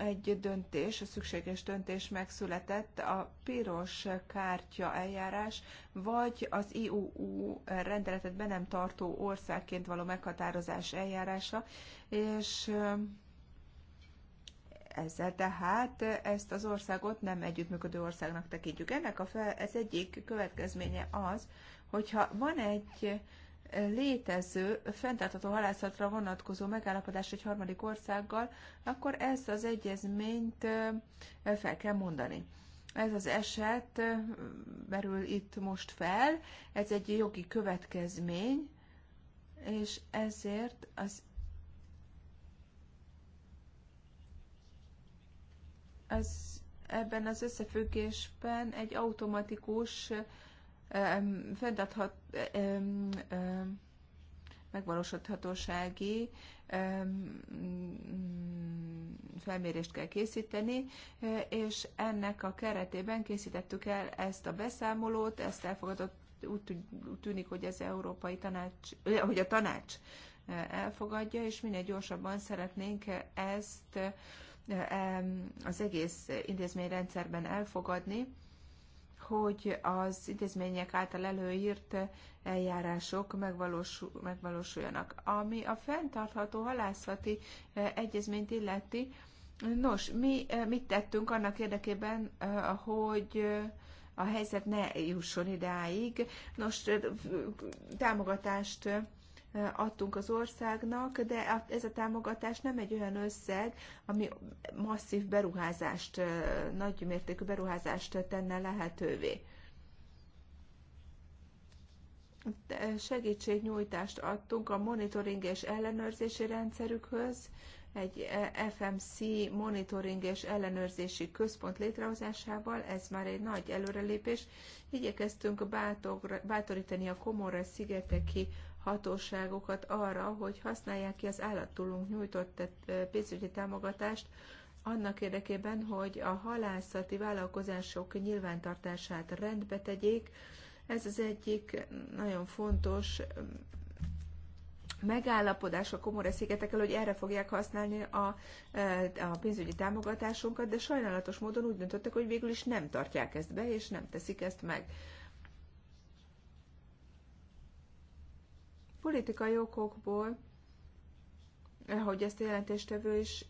egy döntés, a szükséges döntés megszületett, a piros kártya eljárás, vagy az IUU rendeletet be nem tartó országként való meghatározás eljárása, és eh, ezzel tehát ezt az országot nem együttműködő országnak tekintjük. Ennek a fel, ez egyik következménye az, hogyha van egy létező fenntartható halászatra vonatkozó megállapodás egy harmadik országgal, akkor ezt az egyezményt fel kell mondani. Ez az eset merül itt most fel, ez egy jogi következmény, és ezért az az ebben az összefüggésben egy automatikus fenntarthat megvalósíthatósági mm, felmérést kell készíteni, e, és ennek a keretében készítettük el ezt a beszámolót, ezt elfogadott, úgy tűnik, hogy ez Európai Tanács, hogy a tanács e, elfogadja, és minél gyorsabban szeretnénk ezt e, az egész intézményrendszerben elfogadni hogy az intézmények által előírt eljárások megvalósul, megvalósuljanak. Ami a fenntartható halászati eh, egyezményt illeti, nos, mi eh, mit tettünk annak érdekében, eh, hogy a helyzet ne jusson ideáig. Nos, támogatást Eh, adtunk az országnak, de ez a támogatás nem egy olyan összeg, ami masszív beruházást, eh, nagy mértékű beruházást tenne lehetővé. Eh, segítségnyújtást adtunk a monitoring és ellenőrzési rendszerükhöz, egy FMC monitoring és ellenőrzési központ létrehozásával, ez már egy nagy előrelépés. Igyekeztünk bátor, bátorítani a Komorra szigeteki hatóságokat arra, hogy használják ki az állattulunk nyújtott eh, pénzügyi támogatást annak érdekében, hogy a halászati vállalkozások nyilvántartását rendbe tegyék. Ez az egyik nagyon fontos mm, megállapodás a komore szigetekkel, hogy erre fogják használni a, eh, a pénzügyi támogatásunkat, de sajnálatos módon úgy döntöttek, hogy végül is nem tartják ezt be, és nem teszik ezt meg. Politikai okokból, ahogy ezt a jelentéstevő is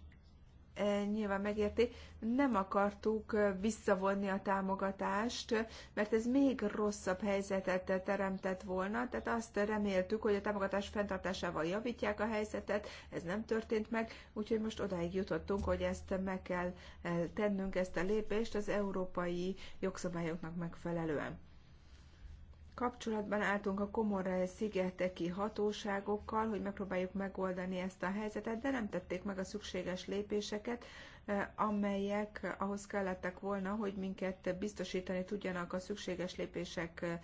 e, nyilván megérti, nem akartuk e, visszavonni a támogatást, mert ez még rosszabb helyzetet teremtett volna, tehát azt reméltük, hogy a támogatás fenntartásával javítják a helyzetet, ez nem történt meg, úgyhogy most odáig jutottunk, hogy ezt meg kell e, tennünk, ezt a lépést az európai jogszabályoknak megfelelően kapcsolatban álltunk a Komorrai szigeteki hatóságokkal, hogy megpróbáljuk megoldani ezt a helyzetet, de nem tették meg a szükséges lépéseket, eh, amelyek ahhoz kellettek volna, hogy minket biztosítani tudjanak a szükséges lépések eh,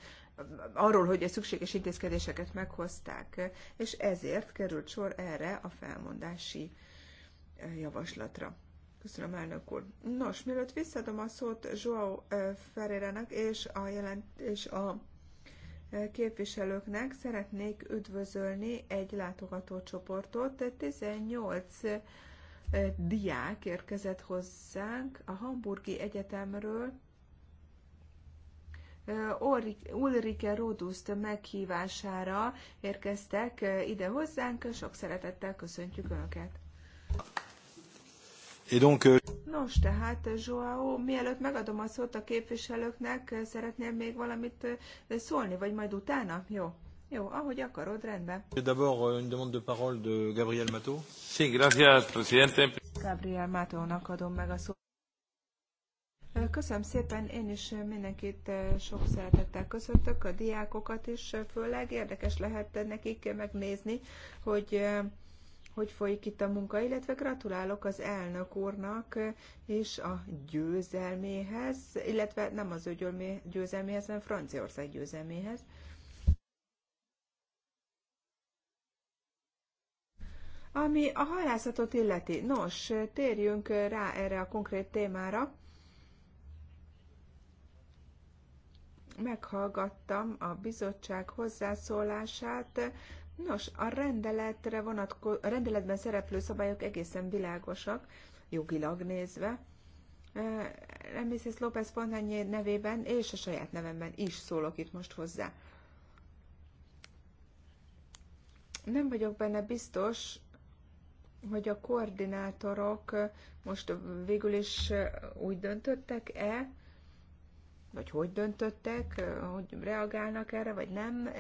arról, hogy a szükséges intézkedéseket meghozták, és ezért került sor erre a felmondási eh, javaslatra. Köszönöm, elnök úr. Nos, mielőtt visszadom a szót Joao Ferreira-nak és a, jelent, és a képviselőknek szeretnék üdvözölni egy látogatócsoportot. 18 eh, diák érkezett hozzánk a Hamburgi Egyetemről. Eh, Ulrike Roduszt meghívására érkeztek eh, ide hozzánk. Sok szeretettel köszöntjük Önöket! Et donc, euh, Nos, tehát, eh, Joao, mielőtt megadom a szót a képviselőknek, eh, szeretnél még valamit eh, szólni, vagy majd utána? Jó. Jó, ahogy akarod, rendben. D'abord euh, une demande de parole de Gabriel Mato. Sí, gracias, presidente. Gabriel Matónak adom meg a szót. Köszönöm szépen, én is mindenkit sok szeretettel köszöntök, a diákokat is főleg érdekes lehet nekik megnézni, hogy hogy folyik itt a munka, illetve gratulálok az elnök úrnak és a győzelméhez, illetve nem az ő győzelméhez, hanem Franciaország győzelméhez. Ami a halászatot illeti. Nos, térjünk rá erre a konkrét témára. Meghallgattam a bizottság hozzászólását, Nos, a rendeletre vonatko- a rendeletben szereplő szabályok egészen világosak, jogilag nézve. Remészis López Pontányé nevében és a saját nevemben is szólok itt most hozzá. Nem vagyok benne biztos, hogy a koordinátorok most végül is úgy döntöttek-e, vagy hogy döntöttek, hogy reagálnak erre, vagy nem,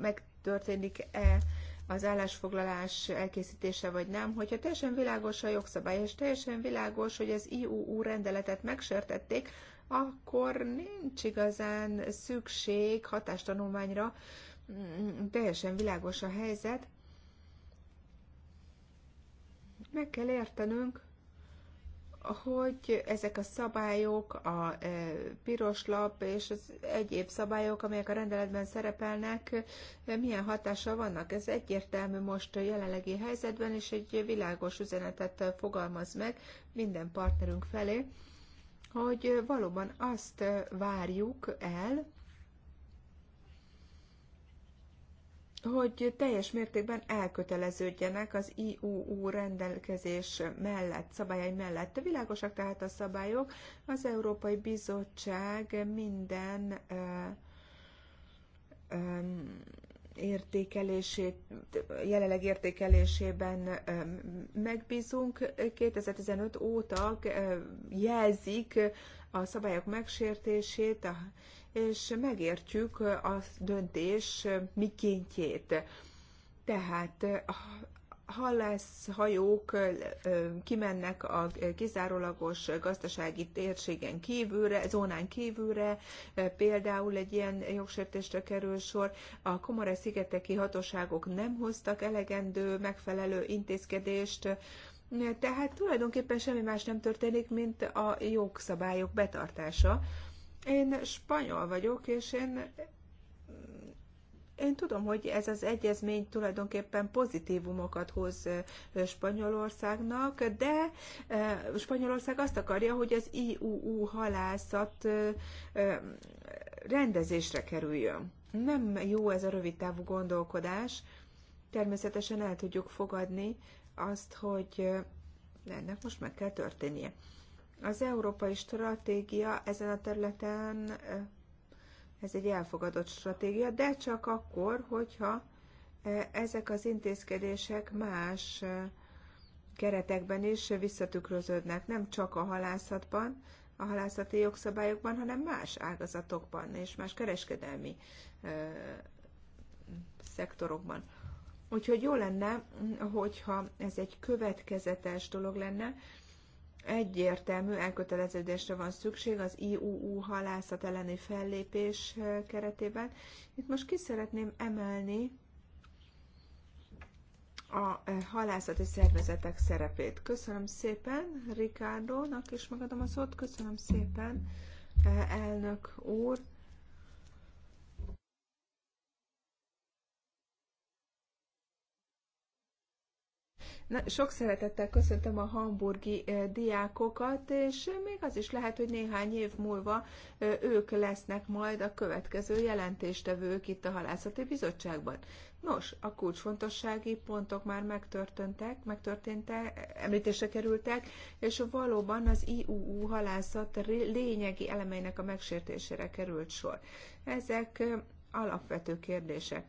meg történik-e az állásfoglalás elkészítése vagy nem, hogyha teljesen világos a jogszabály, és teljesen világos, hogy az IUU rendeletet megsértették, akkor nincs igazán szükség hatástanulmányra, mm, teljesen világos a helyzet. Meg kell értenünk, hogy ezek a szabályok, a e, piros lap és az egyéb szabályok, amelyek a rendeletben szerepelnek, e, milyen hatása vannak. Ez egyértelmű most a jelenlegi helyzetben, és egy világos üzenetet fogalmaz meg minden partnerünk felé, hogy valóban azt várjuk el, hogy teljes mértékben elköteleződjenek az IUU rendelkezés mellett, szabályai mellett. Világosak tehát a szabályok, az Európai Bizottság minden ö, ö, értékelését, jelenleg értékelésében megbízunk. 2015 óta jelzik a szabályok megsértését, a és megértjük a döntés mikéntjét. Tehát ha lesz hajók kimennek a kizárólagos gazdasági térségen kívülre, zónán kívülre, például egy ilyen jogsértésre kerül sor. A Komore szigeteki hatóságok nem hoztak elegendő, megfelelő intézkedést, tehát tulajdonképpen semmi más nem történik, mint a jogszabályok betartása. Én spanyol vagyok, és én, én tudom, hogy ez az egyezmény tulajdonképpen pozitívumokat hoz Spanyolországnak, de Spanyolország azt akarja, hogy az IUU halászat rendezésre kerüljön. Nem jó ez a távú gondolkodás. Természetesen el tudjuk fogadni azt, hogy ennek most meg kell történnie. Az európai stratégia ezen a területen eh, ez egy elfogadott stratégia, de csak akkor, hogyha eh, ezek az intézkedések más eh, keretekben is visszatükröződnek, nem csak a halászatban, a halászati jogszabályokban, hanem más ágazatokban és más kereskedelmi szektorokban. Úgyhogy jó lenne, mm, hogyha ez egy következetes dolog lenne, egyértelmű elköteleződésre van szükség az IUU halászat elleni fellépés keretében. Itt most ki szeretném emelni a halászati szervezetek szerepét. Köszönöm szépen Ricardo-nak, és megadom a szót. Köszönöm szépen, elnök úr. Na, sok szeretettel köszöntöm a hamburgi diákokat, és még az is lehet, hogy néhány év múlva ők lesznek majd a következő jelentéstevők itt a Halászati Bizottságban. Nos, a kulcsfontossági pontok már megtörténtek, megtörténtek, említésre kerültek, és valóban az IUU halászat lényegi elemeinek a megsértésére került sor. Ezek alapvető kérdések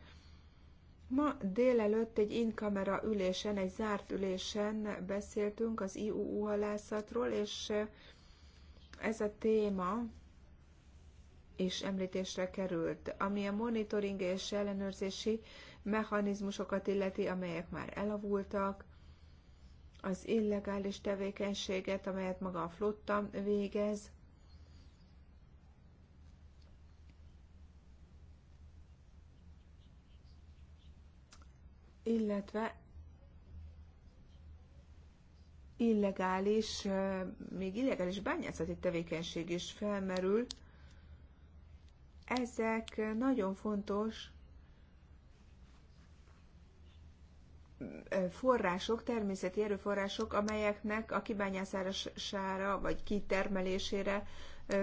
Ma délelőtt egy inkamera ülésen, egy zárt ülésen beszéltünk az IUU halászatról, és eh, ez a téma és említésre került, ami a monitoring és ellenőrzési mechanizmusokat illeti, amelyek már elavultak, az illegális tevékenységet, amelyet maga a flotta végez, illetve illegális, még illegális bányászati tevékenység is felmerül. Ezek nagyon fontos források, természeti erőforrások, amelyeknek a kibányászására vagy kitermelésére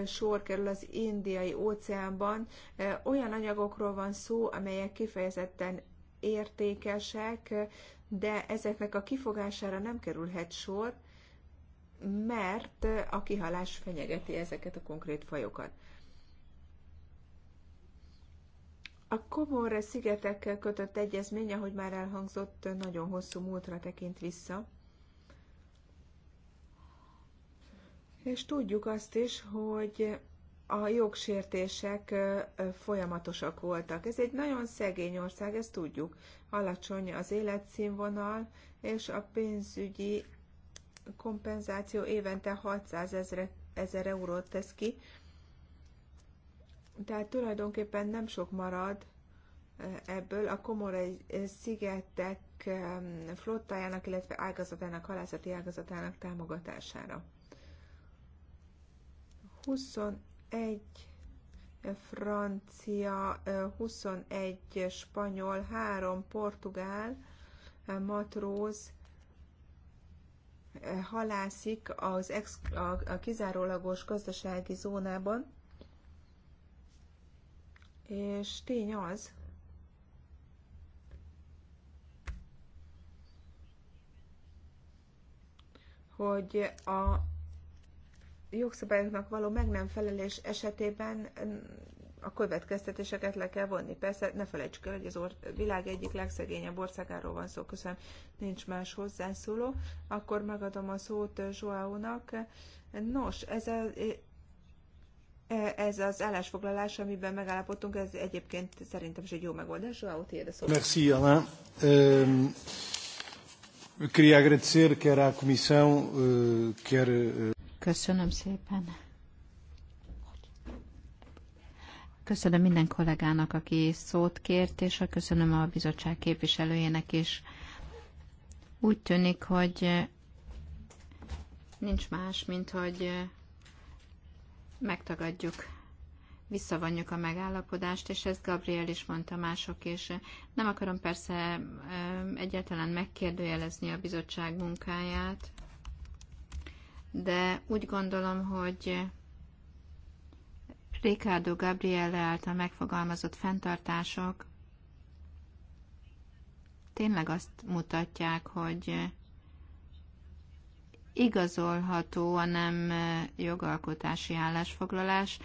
sor kerül az indiai óceánban. Olyan anyagokról van szó, amelyek kifejezetten értékesek, de ezeknek a kifogására nem kerülhet sor, mert a kihalás fenyegeti ezeket a konkrét fajokat. A komor szigetekkel kötött egyezmény, ahogy már elhangzott, nagyon hosszú múltra tekint vissza. És tudjuk azt is, hogy a jogsértések folyamatosak voltak. Ez egy nagyon szegény ország, ezt tudjuk. Alacsony az életszínvonal, és a pénzügyi kompenzáció évente 600 ezer, ezer eurót tesz ki. Tehát tulajdonképpen nem sok marad ebből. A komorai szigetek flottájának, illetve ágazatának, halászati ágazatának támogatására. 20 egy francia, 21 spanyol, 3 portugál matróz halászik az ex, a, a kizárólagos gazdasági zónában, és tény az, hogy a jogszabályoknak való meg nem felelés esetében mm, a következtetéseket le kell vonni. Persze ne felejtsük el, hogy az or- világ egyik legszegényebb országáról van szó, köszönöm, nincs más hozzászóló. Akkor megadom a szót eh, Joao-nak. Nos, ez a, eh, eh, ez az állásfoglalás, amiben megállapodtunk, ez egyébként szerintem is egy jó megoldás. Joao, tiéd a szó. Merci, Alain. Um, queria agradecer quer à Comissão, uh, quer... Uh... Köszönöm szépen. Köszönöm minden kollégának, aki szót kért, és köszönöm a bizottság képviselőjének is. Úgy tűnik, hogy nincs más, mint hogy megtagadjuk, visszavonjuk a megállapodást, és ezt Gabriel is mondta mások, és nem akarom persze egyáltalán megkérdőjelezni a bizottság munkáját, de úgy gondolom, hogy Ricardo Gabriele által megfogalmazott fenntartások tényleg azt mutatják, hogy igazolható a nem jogalkotási állásfoglalás.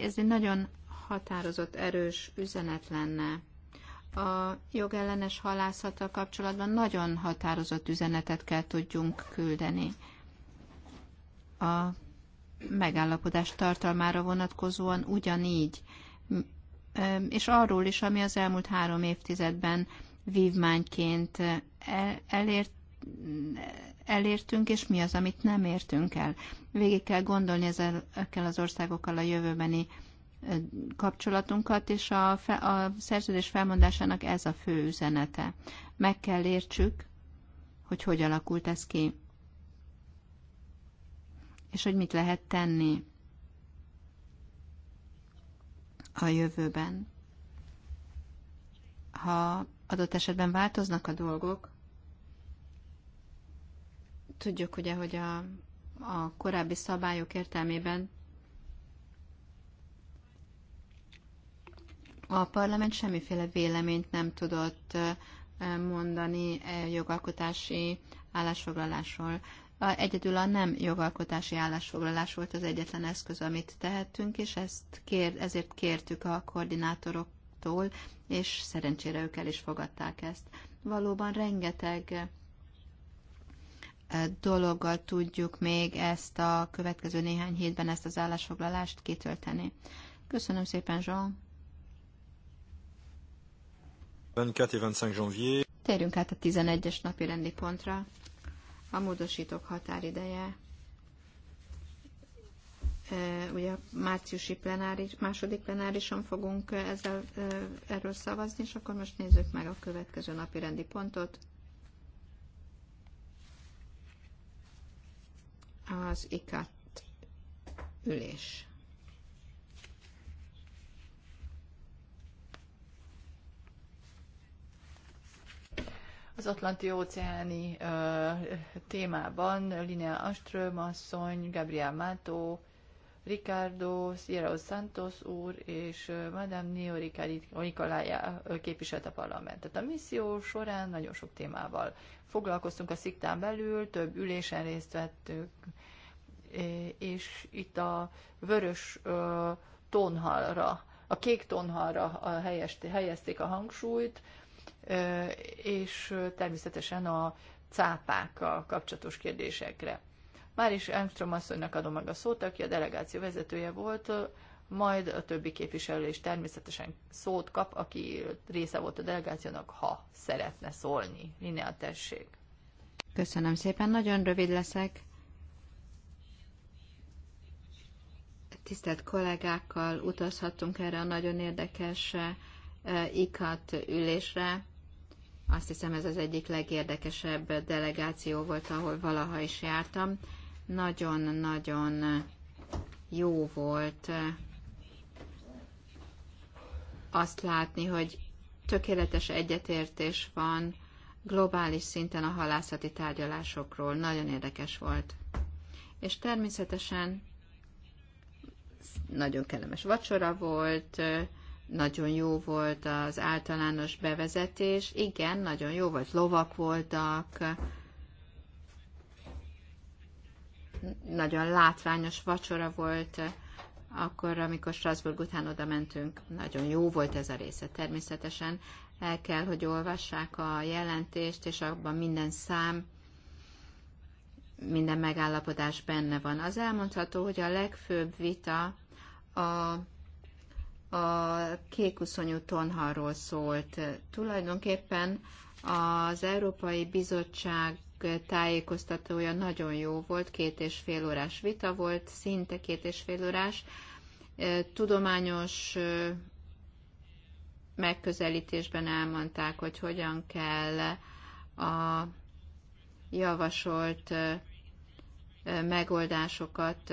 Ez egy nagyon határozott, erős üzenet lenne. A jogellenes halászata kapcsolatban nagyon határozott üzenetet kell tudjunk küldeni a megállapodás tartalmára vonatkozóan ugyanígy, és arról is, ami az elmúlt három évtizedben vívmányként e, elért, elértünk, és mi az, amit nem értünk el. Végig kell gondolni ezekkel az országokkal a jövőbeni kapcsolatunkat, és a, fe, a szerződés felmondásának ez a fő üzenete. Meg kell értsük, hogy hogy alakult ez ki és hogy mit lehet tenni a jövőben. Ha adott esetben változnak a dolgok, tudjuk ugye, hogy a, a korábbi szabályok értelmében a parlament semmiféle véleményt nem tudott eh, mondani eh, jogalkotási állásfoglalásról. A, egyedül a nem jogalkotási állásfoglalás volt az egyetlen eszköz, amit tehettünk, és ezt kér, ezért kértük a koordinátoroktól, és szerencsére ők el is fogadták ezt. Valóban rengeteg e, dologgal tudjuk még ezt a következő néhány hétben ezt az állásfoglalást kitölteni. Köszönöm szépen, Jean. 24 25 janvier. Térjünk át a 11-es napi rendi pontra a módosítók határideje ugye márciusi plenáris, második plenárison fogunk ezzel, erről szavazni, és akkor most nézzük meg a következő napi rendi pontot. Az ikat ülés. Az Atlanti-óceáni témában Linea Aström asszony, Gabriel Mato, Ricardo, Sierra Santos úr és Madame Nio Nikolája képviselte a parlamentet. A misszió során nagyon sok témával foglalkoztunk a sziktán belül, több ülésen részt vettünk, és itt a vörös tonhalra, a kék tonhalra helyezték a hangsúlyt, és természetesen a cápákkal kapcsolatos kérdésekre. Már is Armstrong asszonynak adom meg a szót, aki a delegáció vezetője volt, majd a többi képviselő is természetesen szót kap, aki része volt a delegációnak, ha szeretne szólni. Linnea, tessék! Köszönöm szépen, nagyon rövid leszek. Tisztelt kollégákkal utazhattunk erre a nagyon érdekes ikat ülésre azt hiszem ez az egyik legérdekesebb delegáció volt, ahol valaha is jártam. Nagyon-nagyon jó volt azt látni, hogy tökéletes egyetértés van globális szinten a halászati tárgyalásokról. Nagyon érdekes volt. És természetesen nagyon kellemes vacsora volt, nagyon jó volt az általános bevezetés. Igen, nagyon jó volt. Lovak voltak. Nagyon látványos vacsora volt akkor, amikor Strasbourg után oda mentünk. Nagyon jó volt ez a része. Természetesen el kell, hogy olvassák a jelentést, és abban minden szám, minden megállapodás benne van. Az elmondható, hogy a legfőbb vita a a kékuszonyú tonharról szólt. Tulajdonképpen az Európai Bizottság tájékoztatója nagyon jó volt, két és fél órás vita volt, szinte két és fél órás. Tudományos megközelítésben elmondták, hogy hogyan kell a javasolt megoldásokat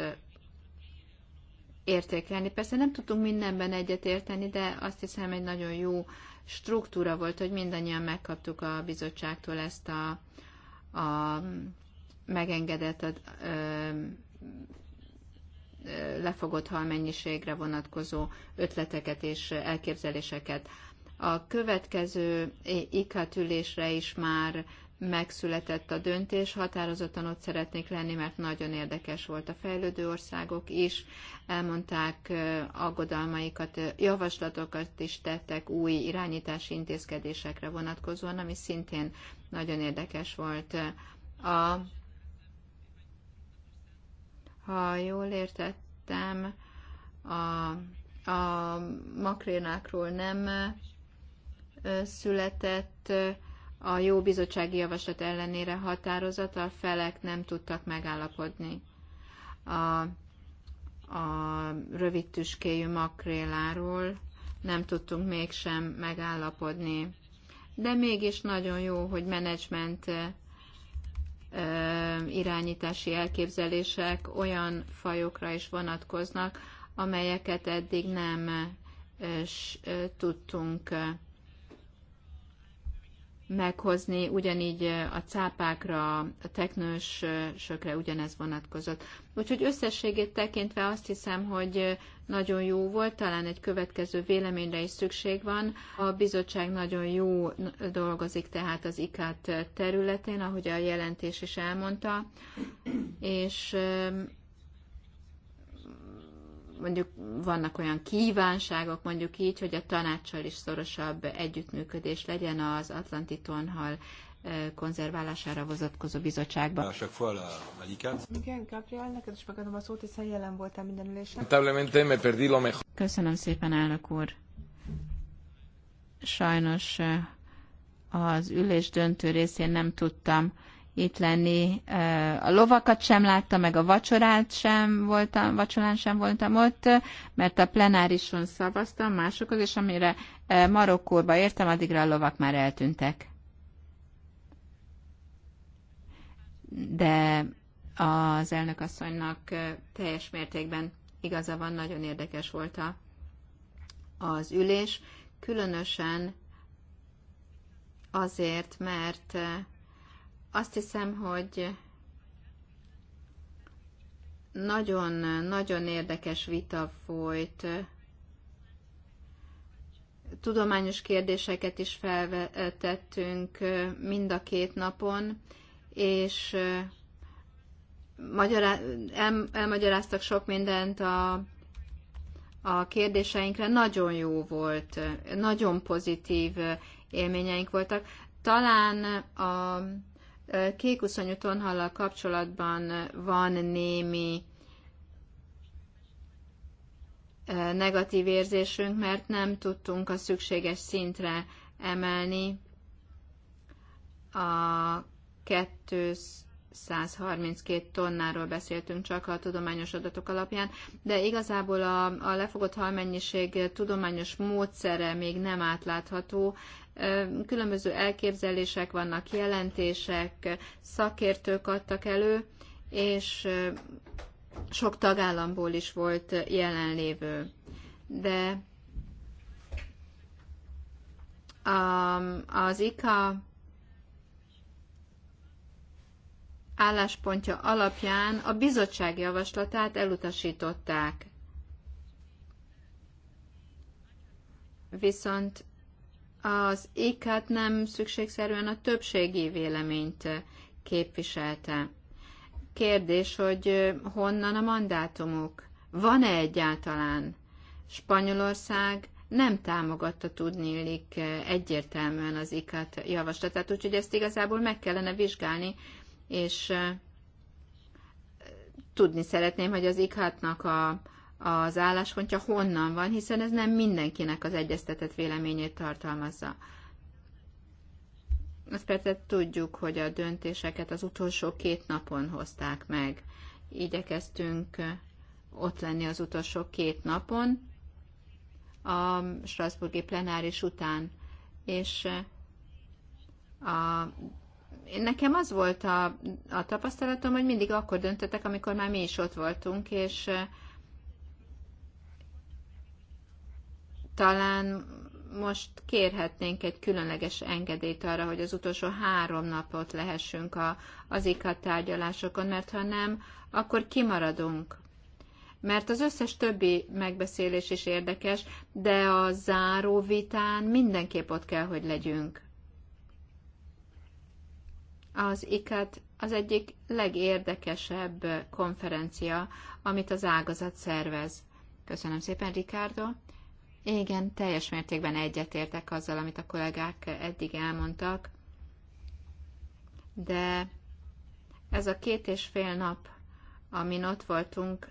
értékelni. Persze nem tudtunk mindenben egyetérteni, de azt hiszem egy nagyon jó struktúra volt, hogy mindannyian megkaptuk a bizottságtól ezt a, a megengedett a, ö, ö, lefogott hal mennyiségre vonatkozó ötleteket és elképzeléseket. A következő ikatülésre is már megszületett a döntés, határozottan ott szeretnék lenni, mert nagyon érdekes volt a fejlődő országok is, elmondták aggodalmaikat, javaslatokat is tettek új irányítási intézkedésekre vonatkozóan, ami szintén nagyon érdekes volt. A, ha jól értettem, a, a makrénákról nem született a jó bizottsági javaslat ellenére határozat, a felek nem tudtak megállapodni. A, a rövid tüskéjű makréláról nem tudtunk mégsem megállapodni. De mégis nagyon jó, hogy menedzsment irányítási elképzelések olyan fajokra is vonatkoznak, amelyeket eddig nem tudtunk meghozni, ugyanígy a cápákra, a teknősökre ugyanez vonatkozott. Úgyhogy összességét tekintve azt hiszem, hogy nagyon jó volt, talán egy következő véleményre is szükség van. A bizottság nagyon jó dolgozik tehát az IKAT területén, ahogy a jelentés is elmondta, és mondjuk vannak olyan kívánságok, mondjuk így, hogy a tanácssal is szorosabb együttműködés legyen az Atlanti tonhal konzerválására vonatkozó bizottságban. A Igen, Gabriel, neked is megadom a szót, hiszen jelen voltál minden ülésen. Köszönöm szépen, elnök úr. Sajnos az ülés döntő részén nem tudtam itt lenni. A lovakat sem látta, meg a vacsorát sem voltam, vacsorán sem voltam ott, mert a plenárison szavaztam másokhoz, és amire Marokkóba értem, addigra a lovak már eltűntek. De az elnökasszonynak teljes mértékben igaza van, nagyon érdekes volt a, az ülés, különösen azért, mert azt hiszem, hogy nagyon-nagyon érdekes vita folyt. Tudományos kérdéseket is felvetettünk mind a két napon, és magyará- el- elmagyaráztak sok mindent a, a kérdéseinkre. Nagyon jó volt, nagyon pozitív élményeink voltak. Talán a kékuszonyú tonhallal kapcsolatban van némi negatív érzésünk, mert nem tudtunk a szükséges szintre emelni a 232 tonnáról beszéltünk csak a tudományos adatok alapján, de igazából a, a lefogott halmennyiség tudományos módszere még nem átlátható, különböző elképzelések vannak, jelentések, szakértők adtak elő, és sok tagállamból is volt jelenlévő. De az ICA álláspontja alapján a bizottság javaslatát elutasították. Viszont az ikat nem szükségszerűen a többségi véleményt eh, képviselte. Kérdés, hogy eh, honnan a mandátumuk? Van-e egyáltalán? Spanyolország nem támogatta tudnélik eh, egyértelműen az ikat javaslatát, úgyhogy ezt igazából meg kellene vizsgálni, és tudni szeretném, hogy az ikatnak a, az álláspontja honnan van, hiszen ez nem mindenkinek az egyeztetett véleményét tartalmazza. Azt persze tudjuk, hogy a döntéseket az utolsó két napon hozták meg. Igyekeztünk ott lenni az utolsó két napon, a Strasburgi plenáris után, és a, nekem az volt a, a tapasztalatom, hogy mindig akkor döntöttek, amikor már mi is ott voltunk, és talán most kérhetnénk egy különleges engedélyt arra, hogy az utolsó három napot lehessünk a, az IKA tárgyalásokon, mert ha nem, akkor kimaradunk. Mert az összes többi megbeszélés is érdekes, de a záró vitán mindenképp ott kell, hogy legyünk. Az IKAT az egyik legérdekesebb konferencia, amit az ágazat szervez. Köszönöm szépen, Ricardo! Igen, teljes mértékben egyetértek azzal, amit a kollégák eddig elmondtak, de ez a két és fél nap, amin ott voltunk,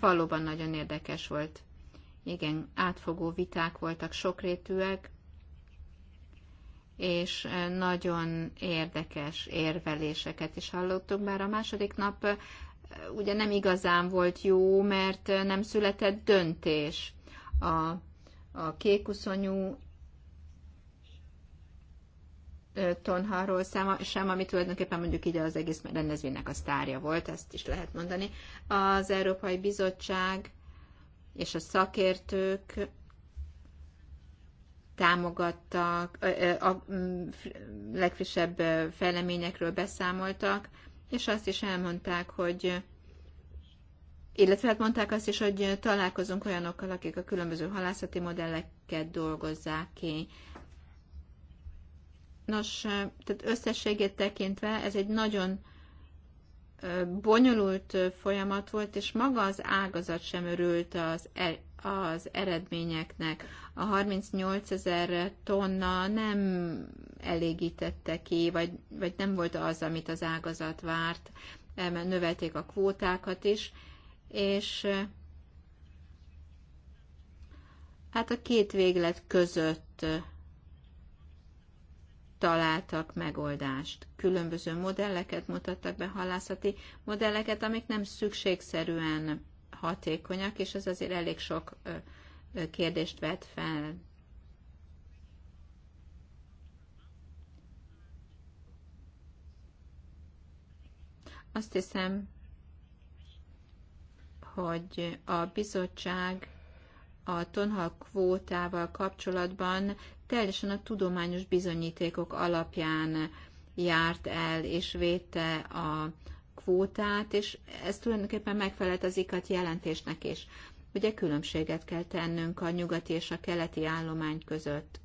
valóban nagyon érdekes volt. Igen, átfogó viták voltak, sokrétűek, és nagyon érdekes érveléseket is hallottunk, bár a második nap eh, ugye nem igazán volt jó, mert nem született döntés a a kékuszonyú tonharról sem, ami tulajdonképpen mondjuk így az egész rendezvénynek a sztárja volt, ezt is lehet mondani. Az Európai Bizottság és a szakértők támogattak, a legfrissebb fejleményekről beszámoltak, és azt is elmondták, hogy illetve hát mondták azt is, hogy találkozunk olyanokkal, akik a különböző halászati modelleket dolgozzák ki. Nos, tehát összességét tekintve ez egy nagyon bonyolult folyamat volt, és maga az ágazat sem örült az, e, az eredményeknek. A 38 ezer tonna nem elégítette ki, vagy, vagy nem volt az, amit az ágazat várt, növelték a kvótákat is, és hát a két véglet között találtak megoldást. Különböző modelleket mutattak be, halászati modelleket, amik nem szükségszerűen hatékonyak, és ez azért elég sok kérdést vet fel. Azt hiszem, hogy a bizottság a tonhal kvótával kapcsolatban teljesen a tudományos bizonyítékok alapján járt el és védte a kvótát, és ez tulajdonképpen megfelelt az ikat jelentésnek is. Ugye különbséget kell tennünk a nyugati és a keleti állomány között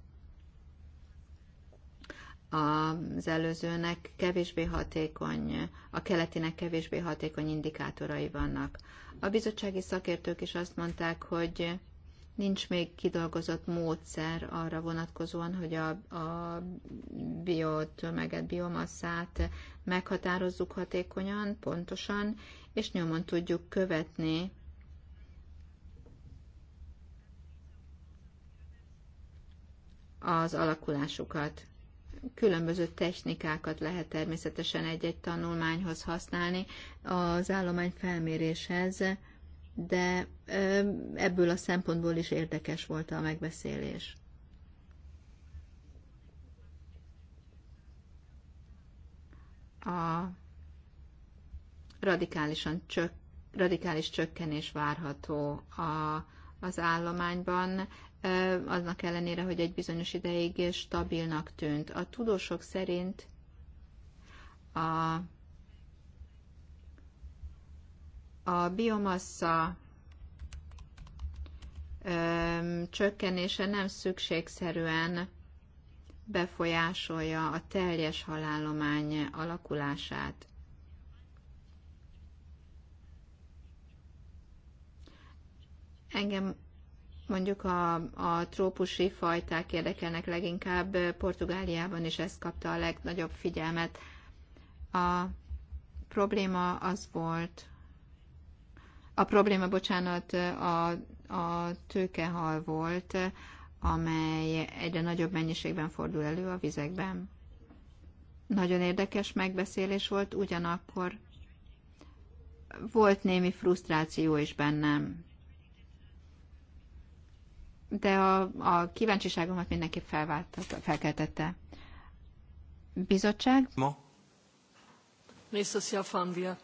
az előzőnek kevésbé hatékony, a keletinek kevésbé hatékony indikátorai vannak. A bizottsági szakértők is azt mondták, hogy nincs még kidolgozott módszer arra vonatkozóan, hogy a, a biotömeget, biomasszát meghatározzuk hatékonyan, pontosan, és nyomon tudjuk követni az alakulásukat. Különböző technikákat lehet természetesen egy-egy tanulmányhoz használni az állomány felméréshez, de ebből a szempontból is érdekes volt a megbeszélés. A radikálisan csök, radikális csökkenés várható a az állományban, aznak ellenére, hogy egy bizonyos ideig stabilnak tűnt. A tudósok szerint a, a biomassa csökkenése nem szükségszerűen befolyásolja a teljes halállomány alakulását. Engem mondjuk a, a trópusi fajták érdekelnek leginkább, Portugáliában is ez kapta a legnagyobb figyelmet. A probléma az volt, a probléma, bocsánat, a, a tőkehal volt, amely egyre nagyobb mennyiségben fordul elő a vizekben. Nagyon érdekes megbeszélés volt, ugyanakkor volt némi frusztráció is bennem de a, a kíváncsiságomat mindenki felkeltette. Bizottság? Ma. Nächstes Jahr fahren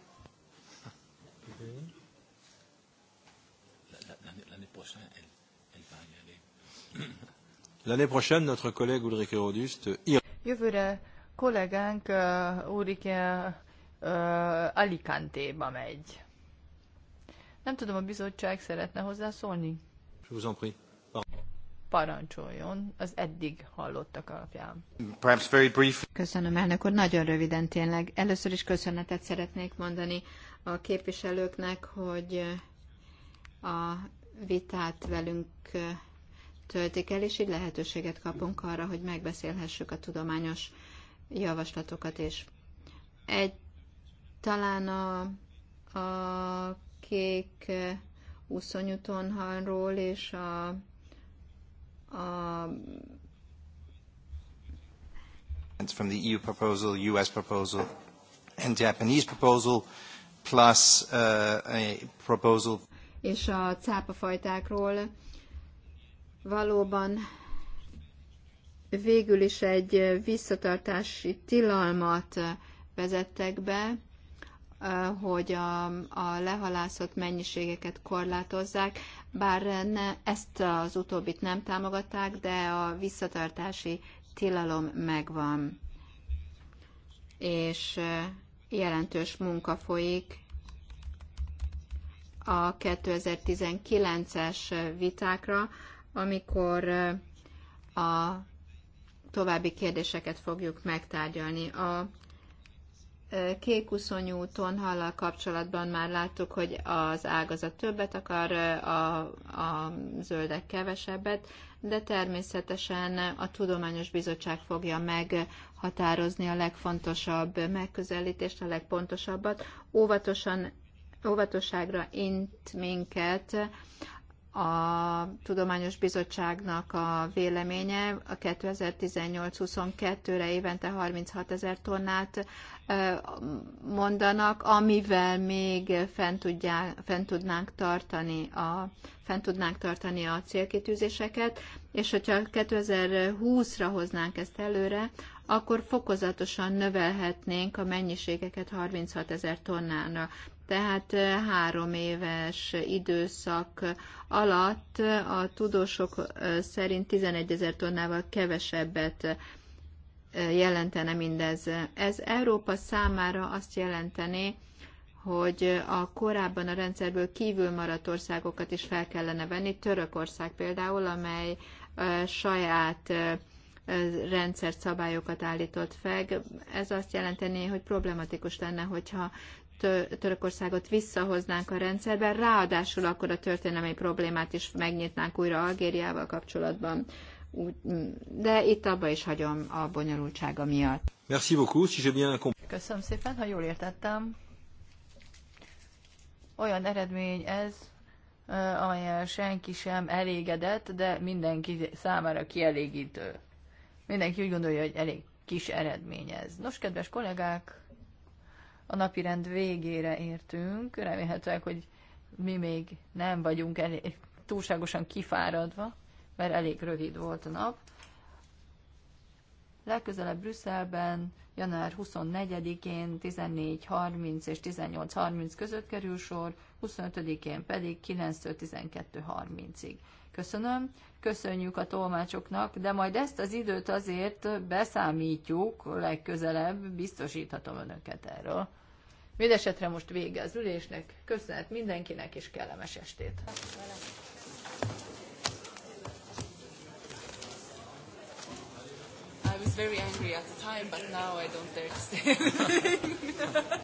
L'année prochaine, notre collègue Ulrike Rodust ira. Jövőre kollégánk uh, Ulrike uh, Alicante-ba megy. Nem tudom, a bizottság szeretne hozzászólni? Je vous en prie parancsoljon az eddig hallottak alapján. very brief. Köszönöm, elnök úr. Nagyon röviden tényleg. Először is köszönetet szeretnék mondani a képviselőknek, hogy a vitát velünk töltik el, és így lehetőséget kapunk arra, hogy megbeszélhessük a tudományos javaslatokat és Egy talán a, a kék úszonyúton és a a from the EU proposal, US proposal, and Japanese proposal, plus uh, a proposal. És a cápafajtákról valóban végül is egy visszatartási tilalmat vezettek be, hogy a, a lehalászott mennyiségeket korlátozzák, bár ne, ezt az utóbbit nem támogatták, de a visszatartási tilalom megvan. És jelentős munka folyik a 2019-es vitákra, amikor a további kérdéseket fogjuk megtárgyalni. A kékuszonyú tonhallal kapcsolatban már láttuk, hogy az ágazat többet akar, a, a zöldek kevesebbet, de természetesen a Tudományos Bizottság fogja meghatározni a legfontosabb megközelítést, a legpontosabbat. Óvatosan óvatosságra int minket a Tudományos Bizottságnak a véleménye a 2018-22-re évente 36 ezer tonnát mondanak, amivel még fent, tudják, fent tudnánk tartani a fent tudnánk tartani a célkitűzéseket, és hogyha 2020-ra hoznánk ezt előre, akkor fokozatosan növelhetnénk a mennyiségeket 36 ezer tonnára. Tehát három éves időszak alatt a tudósok szerint 11 ezer tonnával kevesebbet jelentene mindez. Ez Európa számára azt jelenteni, hogy a korábban a rendszerből kívül maradt országokat is fel kellene venni. Törökország például, amely saját rendszert szabályokat állított fel. Ez azt jelenteni, hogy problematikus lenne, hogyha Törökországot visszahoznánk a rendszerbe, ráadásul akkor a történelmi problémát is megnyitnánk újra Algériával kapcsolatban. Mm, de itt abba is hagyom a bonyolultsága miatt. Merci beaucoup, si je bien Köszönöm szépen, ha jól értettem. Olyan eredmény ez, amelyen senki sem elégedett, de mindenki számára kielégítő. Mindenki úgy gondolja, hogy elég kis eredmény ez. Nos, kedves kollégák, a napirend végére értünk, remélhetőleg, hogy mi még nem vagyunk elég, túlságosan kifáradva, mert elég rövid volt a nap. Legközelebb Brüsszelben január 24-én 14.30 és 18.30 között kerül sor, 25-én pedig 9 12.30-ig. Köszönöm, köszönjük a tolmácsoknak, de majd ezt az időt azért beszámítjuk legközelebb, biztosíthatom önöket erről. Mindenesetre most vége az ülésnek. Köszönet mindenkinek, és kellemes estét! I was very angry at the time, but now I don't dare to say [LAUGHS]